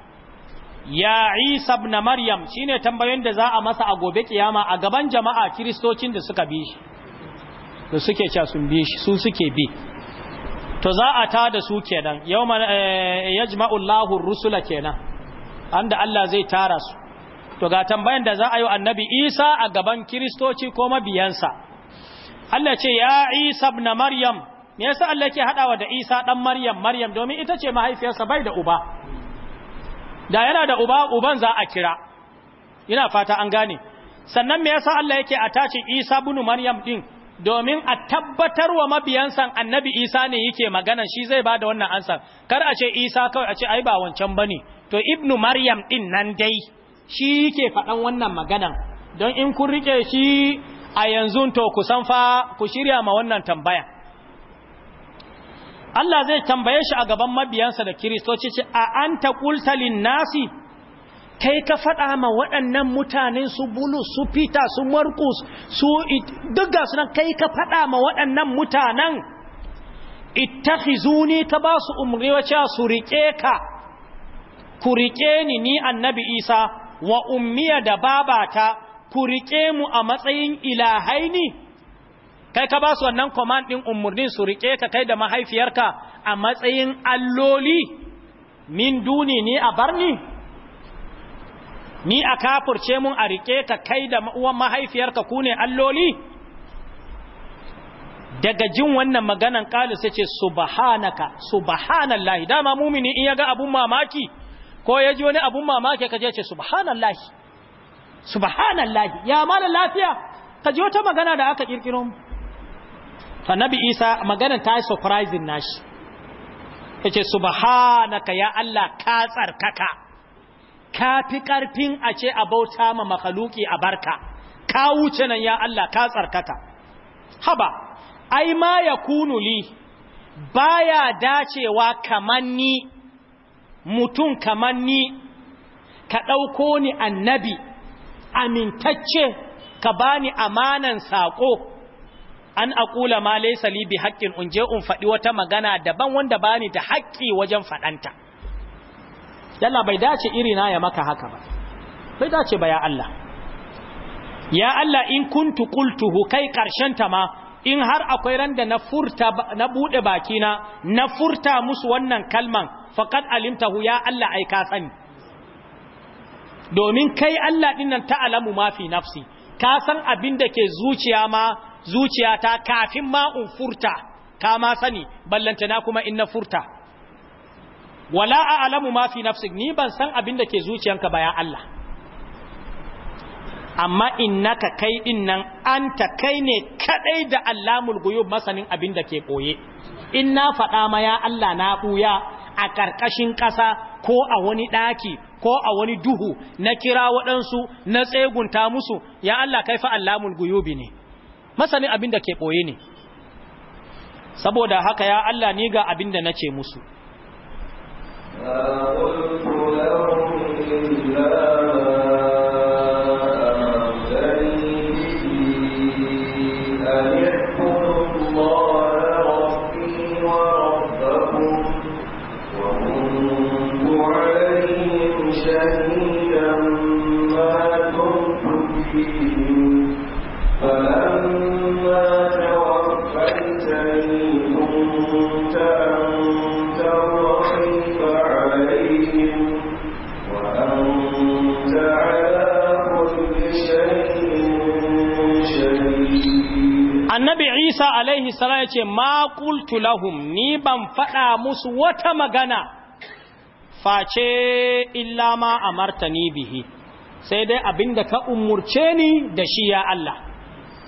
ya isa ibn maryam shine tambayoyin da za a masa a gobe kiyama a gaban jama'a kristocin da suka bi shi da suke cewa sun bi shi su suke bi to za a ta da su kenan yawma eh, yajma'u Allahu rusula kenan anda Allah zai tara su to ga tambayan da za a yi annabi Isa a gaban kristoci ko mabiyansa Allah ce ya Isa ibn maryam me yasa Allah ke haɗawa da Isa ɗan maryam maryam domin ita ce mahaifiyarsa bai da uba da yana da uba uban za a kira ina fata an gane sannan me yasa Allah yake a attachin Isa ibn Maryam din domin a tabbatar wa mabiyansa annabi Isa ne yake magana shi zai bada wannan ansa kar a ce Isa kawai a ce ai ba wancan bane to ibn Maryam din nan dai shi yake faɗan wannan magana. don in kun rike shi a yanzu to kusan fa ku shirya ma wannan tambayan Allah zai tambaye shi a gaban mabiyansa da kiristoci ce a an ta kultalin nasi kai ka faɗa ma waɗannan mutanen su bulu su fita su markus su duk ga sunan kai ka faɗa ma waɗannan mutanen ittakhizuni ka ba su umri wace su riƙe ka ku riƙe ni ni annabi isa wa ummiya da babata ku riƙe mu a matsayin ilahaini kai ka ba su wannan command din umurnin su rike ka kai da mahaifiyarka a matsayin alloli min duni ni a barni ni a kafurce mun a rike ka kai da uwan mahaifiyarka ku ne alloli daga jin wannan maganan kalu sai ce subhanaka subhanallahi dama mumini in yaga abun mamaki ko ya ji wani abun mamaki ka je ce subhanallahi subhanallahi ya mala lafiya ka ji wata magana da aka kirkiro mu annabi isa maganin ta yi surprising nashi ya ce subhanaka ya Allah ka tsarkaka ka fi ƙarfin a ce a bauta ma makaluki a barka ka wuce nan ya Allah ka tsarkaka haba ai ma ya kunuli baya dacewa kamanni mutum kamanni ka ɗauko ni annabi amintacce ka bani amanan saƙo an aƙula ma laysa li bi haqqin unje un fadi wata magana daban wanda bani da haƙƙi wajen faɗanta. yalla bai dace iri na ya maka haka ba bai dace ba ya Allah ya Allah in kuntu qultuhu kai karshen ta ma in har akwai randa da na furta na bude bakina na furta musu wannan kalman faqad alimtahu ya Allah ai ka sani domin kai Allah dinnan ta'alamu ma fi nafsi ka san abin da ke zuciya ma zuciyata kafin ma in furta ka ma sani ballantana kuma in na furta wala a'lamu ma fi nafsik ni ban san abin da ke zuciyanka ba ya Allah amma innaka kai dinnan nan ta kai ne kadai da allamul guyub masanin abin da ke koye in na faɗa ma ya Allah na buya a ƙarƙashin ƙasa ko a wani ɗaki ko a wani duhu na kira waɗansu na tsegunta musu ya Allah kai fa allamul guyubi ne masanin abin da ke ɓoye ne saboda haka ya Allah ni ga abin da na ce musu alaihi salam ya ma qultu lahum ni ban faɗa musu wata magana face illa ma amartani bihi sai dai abinda ka umurce ni da shi ya Allah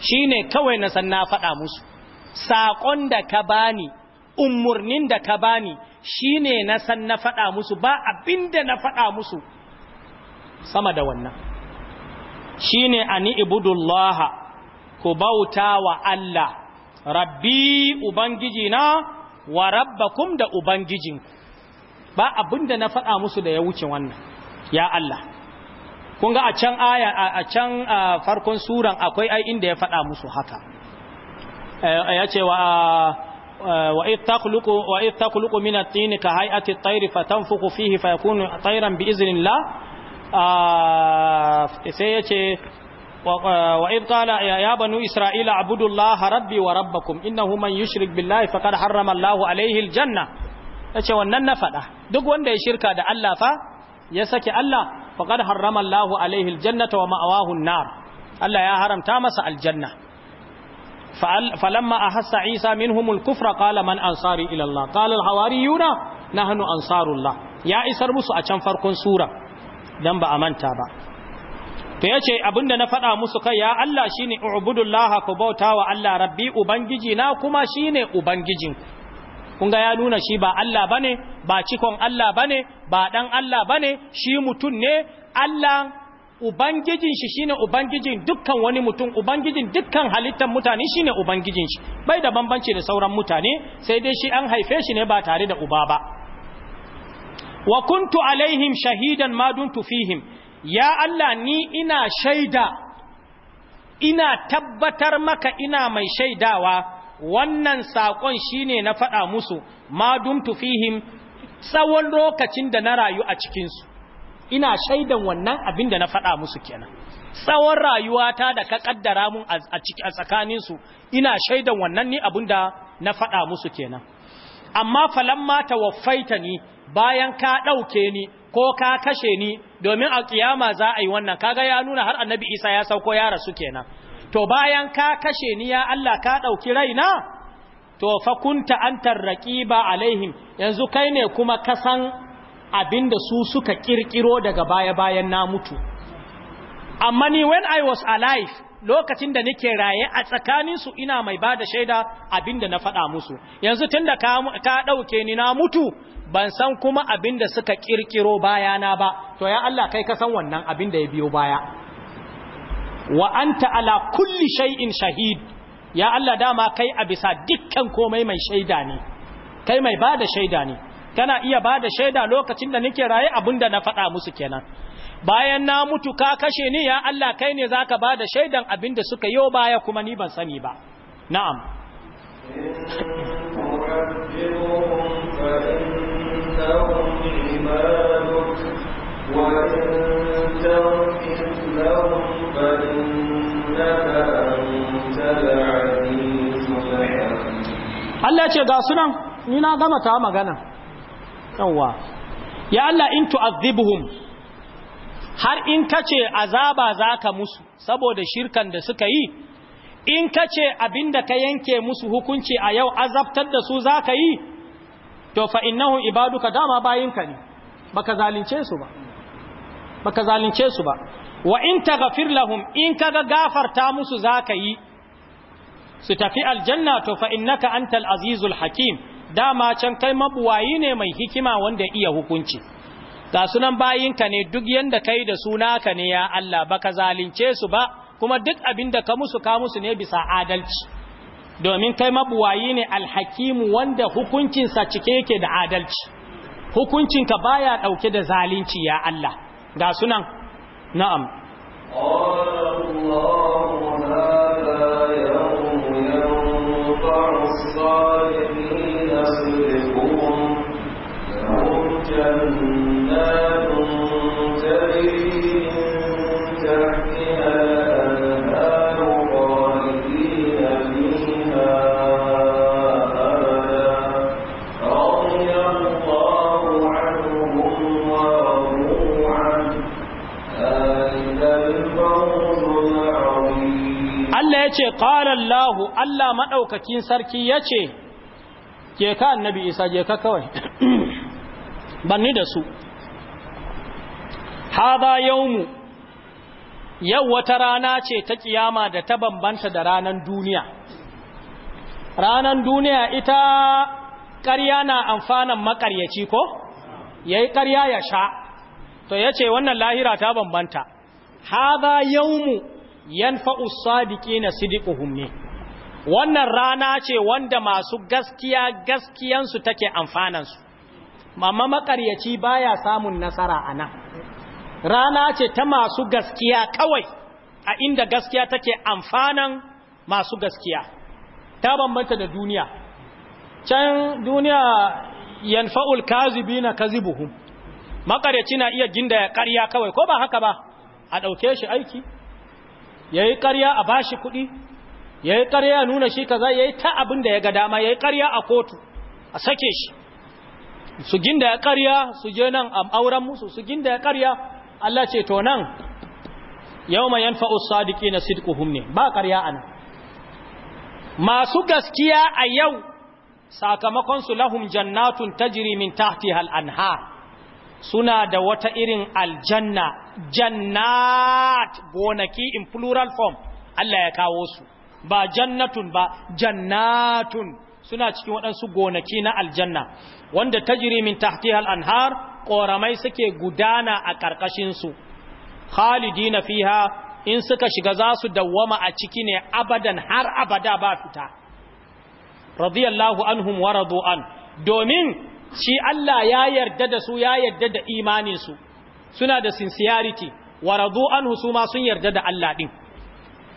shine kawai na san na faɗa musu saƙon da ka bani umurnin da ka bani shine na san na faɗa musu ba abinda na faɗa musu sama da wannan shine ani ibudullah ku bauta wa Allah rabbi ubangiji na wa rabbakum da Ubangijin ba abinda na faɗa musu da ya wuce wannan ya Allah kun ga a can aya a can farkon suran akwai ai inda ya faɗa musu haka eh, ya ce wa eh, wa وإذ تخلق, وإذ at من الطين كهيئة الطير فتنفق فيه فيكون bi بإذن الله ah, sai ya ce وإذ قال يا بنو إسرائيل اعبدوا الله ربي وربكم إنه من يشرك بالله فقد حرم الله عليه الجنة yace wannan na faɗa duk wanda ya shirka da Allah fa ya saki Allah faqad harrama Allahu alaihi aljannata wa ma'awahu an-nar Allah ya haramta masa aljanna falamma ahassa Isa minhumul kufra qala man ansari ila Allah qala al-hawariyuna nahnu ansarullah ya isar musu a can farkon sura dan ba a manta ba to yace abinda na faɗa musu kai ya Allah shine ubudullaha ku bautawa Allah rabbi ubangiji na kuma shine ubangijin kun ga ya nuna shi ba Allah bane ba cikon Allah bane ba dan Allah bane shi mutun ne Allah ubangijin shi shine ubangijin dukkan wani mutum ubangijin dukkan halittar mutane shine ubangijin shi bai da bambanci da sauran mutane sai dai shi an haife shi ne ba tare da uba ba wa kuntu alaihim shahidan ma duntu fihim ya Allah ni ina shaida ina tabbatar maka ina mai shaidawa wannan saƙon shine na faɗa musu ma dumtu fihim tsawon lokacin da na rayu a cikinsu ina shaidan wannan abin da na faɗa musu kenan tsawon rayuwata da ka ƙaddara mun a tsakaninsu ina shaidan wannan ni abin da na faɗa musu kenan amma falamma waffaita ni bayan ka ɗauke ni ko ka kashe ni domin a kiyama za a yi wannan kaga ya nuna har annabi isa ya sauko ya rasu kenan to bayan ka kashe ni ya Allah ka ɗauki raina to fa kunta antar raqiba alaihim yanzu kai ne kuma kasan abin abinda su suka kirkiro daga baya bayan na mutu amma ni when i was alive lokacin da nake raye a tsakaninsu ina mai ba da shaida abinda na faɗa musu yanzu tun da ka ɗauke ni na mutu ban san kuma abin da suka ƙirƙiro bayana ba to ya Allah kai ka san wannan abin da ya biyo baya wa anta ala kulli shay'in shahid ya Allah dama kai a bisa dukkan komai mai shaida ne kai mai ba da shaida ne kana iya ba da shaida lokacin da nake raye da na faɗa musu kenan bayan na mutu ka kashe ni ya Allah kai ne za ka ba da shaidan abin da suka yo baya kuma ni ban sani ba na'am Allah ce ga sunan ni na gama ta magana yawa ya Allah in tu'adhibuhum har in kace azaba zaka musu saboda shirkan da suka yi in kace abinda ka yanke musu hukunci a yau azabtar da su zaka yi to fa innahu ibaduka dama bayinka ne baka zalunce su ba baka zalunce su ba wa in taghfir lahum in kaga gafarta musu zaka yi su tafi aljanna to fa innaka antal azizul hakim dama can kai mabuwayi ne mai hikima wanda iya hukunci ga sunan bayinka ne duk yanda kai da suna ka ne ya Allah ba ka zalunce su ba kuma duk abin da ka musu ka musu ne bisa adalci domin kai mabuwayi ne alhakimu wanda hukuncinsa cike yake da adalci hukuncinka baya ɗauke da zalunci ya Allah ga sunan na'am الصالحين ce ƙarallahu Allah maɗaukakin sarki ya ce ke ka annabi isa jeka ka kawai banni da su haza yaumu yau wata rana ce ta kiyama da ta bambanta da ranan duniya ranan duniya ita ƙarya na amfanan makaryaci ko ya yi ƙarya ya sha to ya wannan lahira ta bambanta haza mu, yan fa'usadiki na ne wannan rana ce wanda masu gaskiya gaskiyansu take amfanansu amma makaryaci baya samun nasara a nan rana ce ta masu gaskiya kawai a inda gaskiya take amfanan masu gaskiya ta bambanta da duniya can duniya yanfa'ul kazibi na kazibuhu makaryaci na iya ginda ya karya kawai ko ba haka ba a ɗauke shi aiki ya yi karya a bashi kuɗi ya yi karya nuna shi kaza ya yi ta abin da ya ga dama ya yi karya a kotu a sake shi su ginda ya karya su je nan a auren musu su ginda ya karya Allah ce to nan yawma yanfa'u sadiqina sidquhum ne ba ƙarya ana masu gaskiya a yau sakamakon su lahum jannatun tajri min tahtiha al-anhar suna da wata irin aljanna jannat gonaki in plural form Allah ya kawo su ba jannatun ba jannatun suna cikin waɗansu gonaki na aljanna wanda tajri min tahtiha al-anhar ƙoramai suke gudana a ƙarƙashinsu khalidina fiha in suka shiga za su dawwama a ciki ne abadan har abada ba fita radiyallahu anhum wa an, domin shi Allah ya yarda da su ya yarda da imaninsu suna da sincerity wa an husu ma sun yarda da Allah ɗin.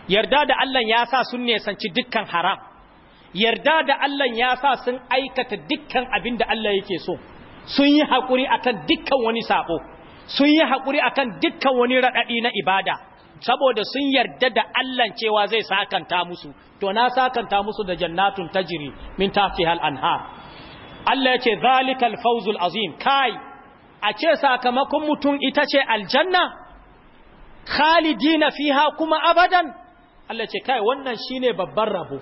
yarda da Allah ya sa sun nesanci dukkan haram yarda da Allah ya sa sun aikata dukkan abin da Allah yake so sun yi haƙuri akan dukkan wani saƙo. sun yi haƙuri akan dukkan wani raɗaɗi na ibada saboda sun yarda da Allah cewa zai sakanta musu to na sakanta musu da jannatun tajiri min tafihal anhar Allah yace zalikal fawzul azim kai a ce sakamakon mutum ita ce aljanna khalidina fiha kuma abadan Allah ce kai wannan shine babban rabo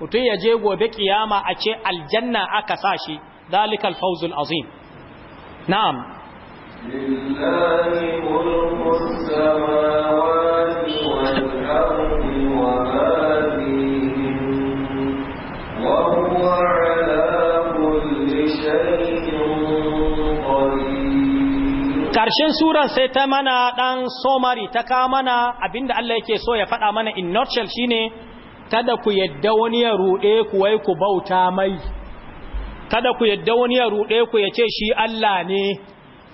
mutum ya je gobe kiyama a ce aljanna aka sa shi dalikal fawzul azim na'am lillahi mulku samawati wal ardi wa ma fihim wa huwa ala karshen suran sai ta mana ɗan somari ta ka mana abinda Allah yake so ya faɗa mana in nutshell shine kada ku yadda wani ya ruɗe ku wai ku bauta mai kada ku yadda wani ya ruɗe ku ya ce shi Allah ne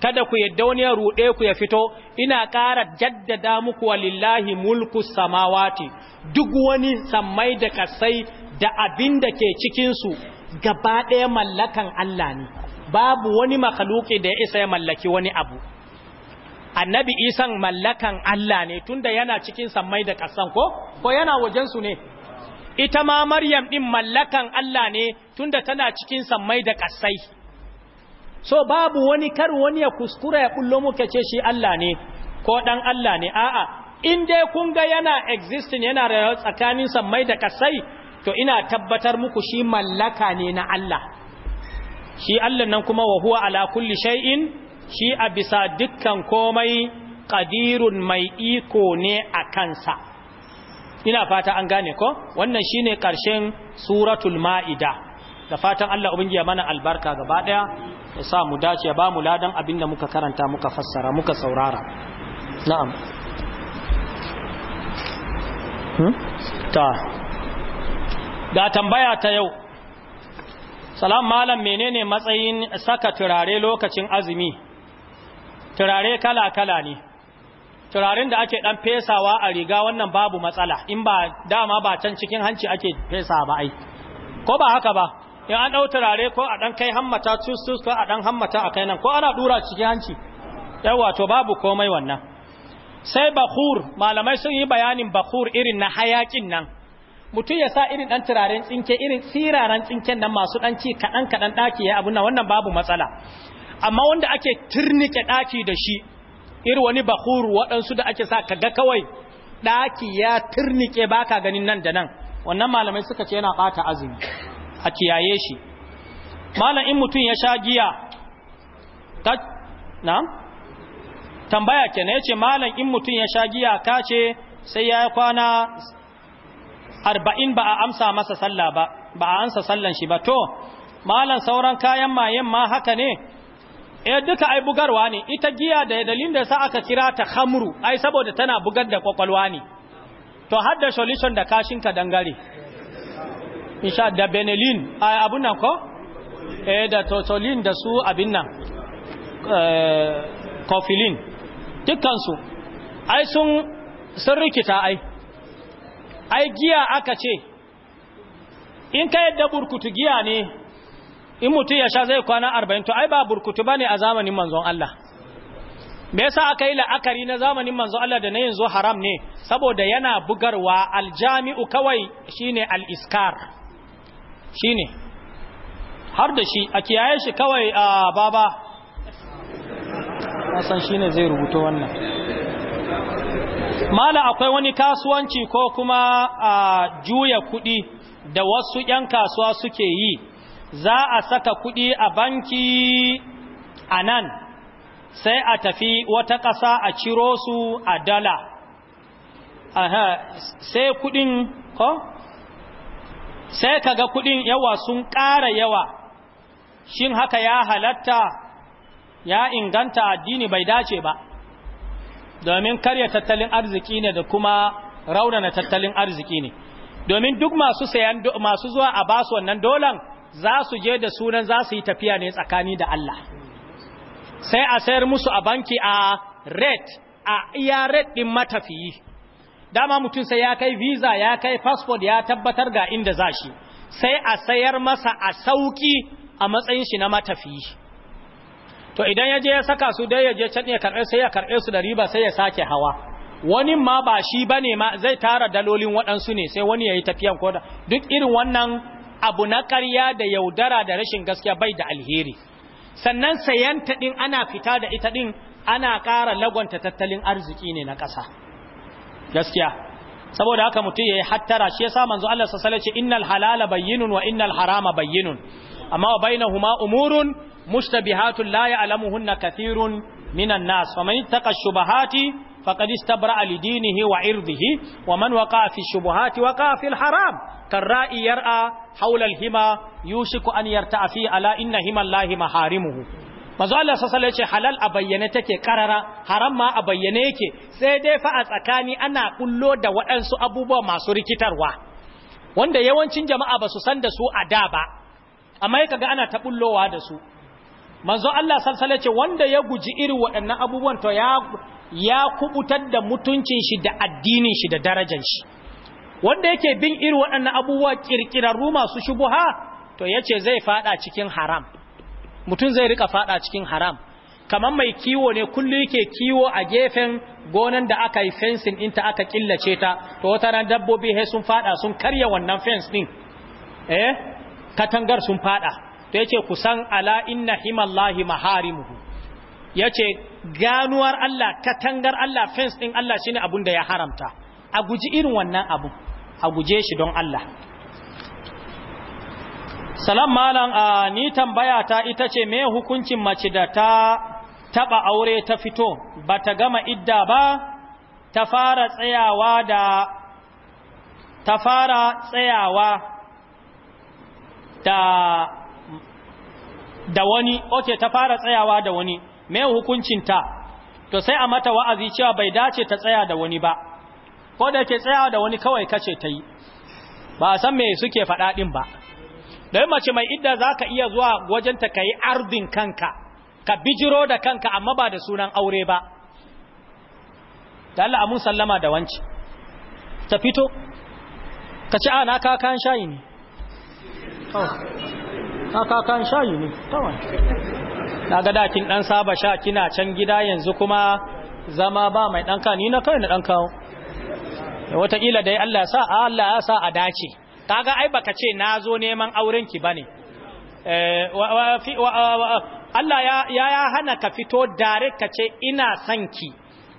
kada ku yadda wani ya ruɗe ku ya fito ina ƙara jaddada muku walillahi mulku samawati duk wani sammai da kasai da abin da ke cikinsu gaba ɗaya mallakan Allah ne babu wani makaluki da ya isa ya mallaki wani abu annabi isan mallakan Allah ne tunda yana cikin sammai da kasan ko ko yana wajensu ne ita ma maryam ɗin mallakan Allah ne tunda tana cikin sammai da ƙasai. so babu wani kar wani ya kuskura ya bullo muke ce shi Allah ne ko dan Allah ne a'a in dai kun ga yana existing yana rayuwa tsakanin sammai da ƙasai, to ina tabbatar muku shi mallaka ne na Allah shi Allah nan kuma wa huwa ala kulli shay'in shi a bisa dukkan komai qadirun mai iko ne a kansa ina fata an gane ko wannan shine karshen suratul maida da fatan Allah ubangiya mana albarka gaba daya ya sa mu dace ya ba mu ladan abinda muka karanta muka fassara muka saurara na'am hmm? ta ga tambaya ta yau salam malam menene matsayin saka turare lokacin azumi turare kala-kala ne turaren da ake dan fesawa a riga wannan babu matsala in ba dama ba can cikin hanci ake fesa ba ai ko ba haka ba in an dau turare ko a dan kai hammata tustus ko a dan hammata a kai nan ko ana dura cikin hanci yawa to babu komai wannan sai bakhur malamai sun yi bayanin bakhur irin na hayakin nan mutum ya sa irin dan turaren tsinke irin tsiraran tsinken nan masu dan ci kadan kadan daki ya abun nan wannan babu matsala amma wanda ake turnike daki da shi iri wani bakuru waɗansu da ake sa kaga kawai ɗaki ya turnike baka ganin nan da nan wannan malamai suka ce yana ɓata azumi a kiyaye shi malam in mutum ya sha giya ta na tambaya ke na ya ce malam in mutum ya sha giya ka ce sai ya kwana arba'in ba a amsa masa sallah ba ba a ansa sallan shi ba to malam sauran kayan mayen ma haka ne eh duka ai bugarwa ne ita giya da dalilin da sa aka kira ta khamru ai saboda tana bugar da kwakwalwa ne to har da solution da kashin ka dangare insha da benelin ai abun nan ko eh da totolin da su abin nan eh kofilin dukkan su ai sun sun rikita ai ai giya aka ce in ka yadda burkutu giya ne in mutum ya sha zai kwana arba'in to ai ba burkutu ba ne a zamanin manzon Allah me yasa aka yi la'akari na zamanin manzon Allah da na yanzu haram ne saboda yana bugarwa aljami'u kawai shine al-iskar shine har da shi a kiyaye shi kawai a baba na san shine zai rubuto wannan mala akwai wani kasuwanci ko kuma a juya kudi da wasu 'yan kasuwa suke yi za a saka kuɗi a banki a nan sai a tafi wata ƙasa a ciro su a dala sai kudin ko sai kaga kuɗin yawa sun ƙara yawa shin haka ya halatta ya inganta addini bai dace ba domin karya tattalin arziki ne da kuma raunana tattalin arziki ne domin duk masu sayan masu zuwa a basu wannan dolan za su je da sunan za su yi tafiya ne tsakani da Allah sai a sayar musu a banki a red a iya red din matafiyi dama mutum sai ya kai visa ya kai passport ya tabbatar ga inda za shi sai a sayar masa a sauki a matsayin shi na matafiyi to idan ya je ya saka su dai ya je can ya karɓe sai ya karɓe su da riba sai ya sake hawa wani ma ba shi bane ma zai tara dalolin waɗansu ne sai wani ya yi tafiyan koda duk irin wannan abu na ƙarya da yaudara da rashin gaskiya bai da alheri sannan sayanta ɗin ana fita da ita ɗin ana ƙara lagwanta tattalin arziki ne na ƙasa gaskiya saboda haka mutum ya yi hattara shi ya sa manzo Allah sassale ce innal halala bayyinun wa innal harama bayyinun amma wa bayna huma umurun mushtabihatun la hunna kathirun minan nas fa man ittaqa faqad istabra li dinihi wa irdihi wa man waqa fi shubuhati waqa fi haram karra'i yar'a hawla al-hima yushiku an yarta'a fi ala inna maharimuhu manzo Allah halal a bayyane take karara haram ma a bayyane yake sai dai fa a tsakani ana kullo da waɗansu abubuwa masu rikitarwa wanda yawancin jama'a ba su san da su a da ba amma yake ga ana ta bullowa da su manzo Allah sallallahu ce wanda ya guji irin waɗannan abubuwan to ya ya kubutar da mutuncin shi da addinin shi da darajar shi wanda yake bin irin waɗannan abubuwa kirkirarru masu shubuha to yace zai fada cikin haram mutum zai rika fada cikin haram kamar mai kiwo ne kullu yake kiwo a gefen gonan da aka yi fencing inta aka killace ta to wata ran dabbobi he sun fada sun karya wannan fens ɗin eh katangar sun fada to yace kusan ala inna himallahi maharimuhu yace ganuwar Allah katangar Allah fence ɗin Allah shine abun da ya haramta a guji irin wannan abu a guje shi don Allah salam malam a ni tambaya ta ita ce me hukuncin mace da ta taba aure ta fito ba ta gama idda ba ta fara tsayawa da ta fara tsayawa da da wani okay ta fara tsayawa da wani me hukuncinta to sai a mata wa'azi cewa bai dace ta tsaya da wani ba ko da ke tsaya da wani kawai kace ta yi ba a san me suke faɗaɗin ba don mace mai idda za ka iya zuwa wajenta ka yi ardin kanka ka bijiro da kanka amma ba da sunan aure ba da Allah amun sallama da wanci ta fito ka ci ana kakan shayi ne kakan shayi ne kawai na ga da kin dan saba sha kina can gida yanzu kuma zama ba mai dan ka ni na kai na dan kawo wataƙila dai Allah ya sa Allah ya sa a dace kaga ai baka ce nazo neman auren ki bane eh, Allah ya ya hana ka fito direct ka ce ina son ki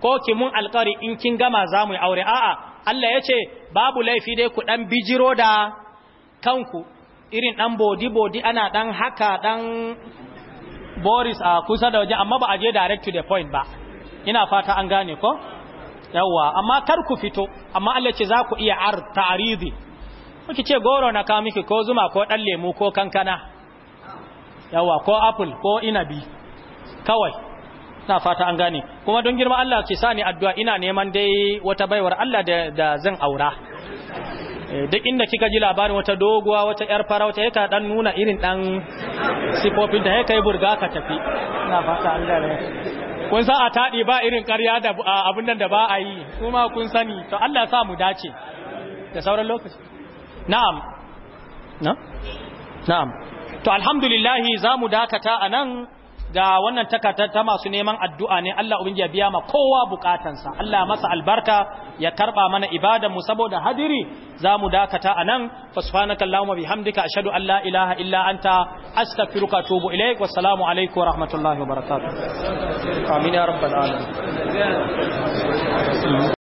ko ki mun alƙari in kin gama za mu yi aure a'a Allah ya ce babu laifi dai ku dan bijiro da kanku irin dan bodi bodi ana dan haka dan boris a kusa da waje amma ba a je direct to the point ba ina fata an gane ko yawa amma kar ku fito amma Allah ce za ku iya ar ta'ridi kuke ce goro na ka miki ko zuma ko dan lemu ko kankana yawa ko apple ko inabi kawai ina fata an gane kuma don girma Allah ki sani addu'a ina neman dai wata baiwar Allah da zan aura Eh, duk inda kika ji labarin wata doguwa wata yar fara wata yaka dan nuna irin dan sifofin ta yaka yi burga ka tafi ina fata Allah ne kun san a tadi ba irin ƙarya da abin nan da ba a yi kuma kun sani to Allah ya sa mu dace da sauran lokaci na'am na'am to alhamdulillah za mu dakata anan ga wannan takata ta masu neman addu'a ne Allah ubin ya biya ma kowa bukatansa Allah masa albarka ya karba mana ibadan mu saboda hadiri zamu dakata anan fasfanaka Allahumma hamdika a an allah ilaha illa anta astaghfiruka wa atubu ilaik wassalamu alaikum wa rahmatullahi wa barakatuh ya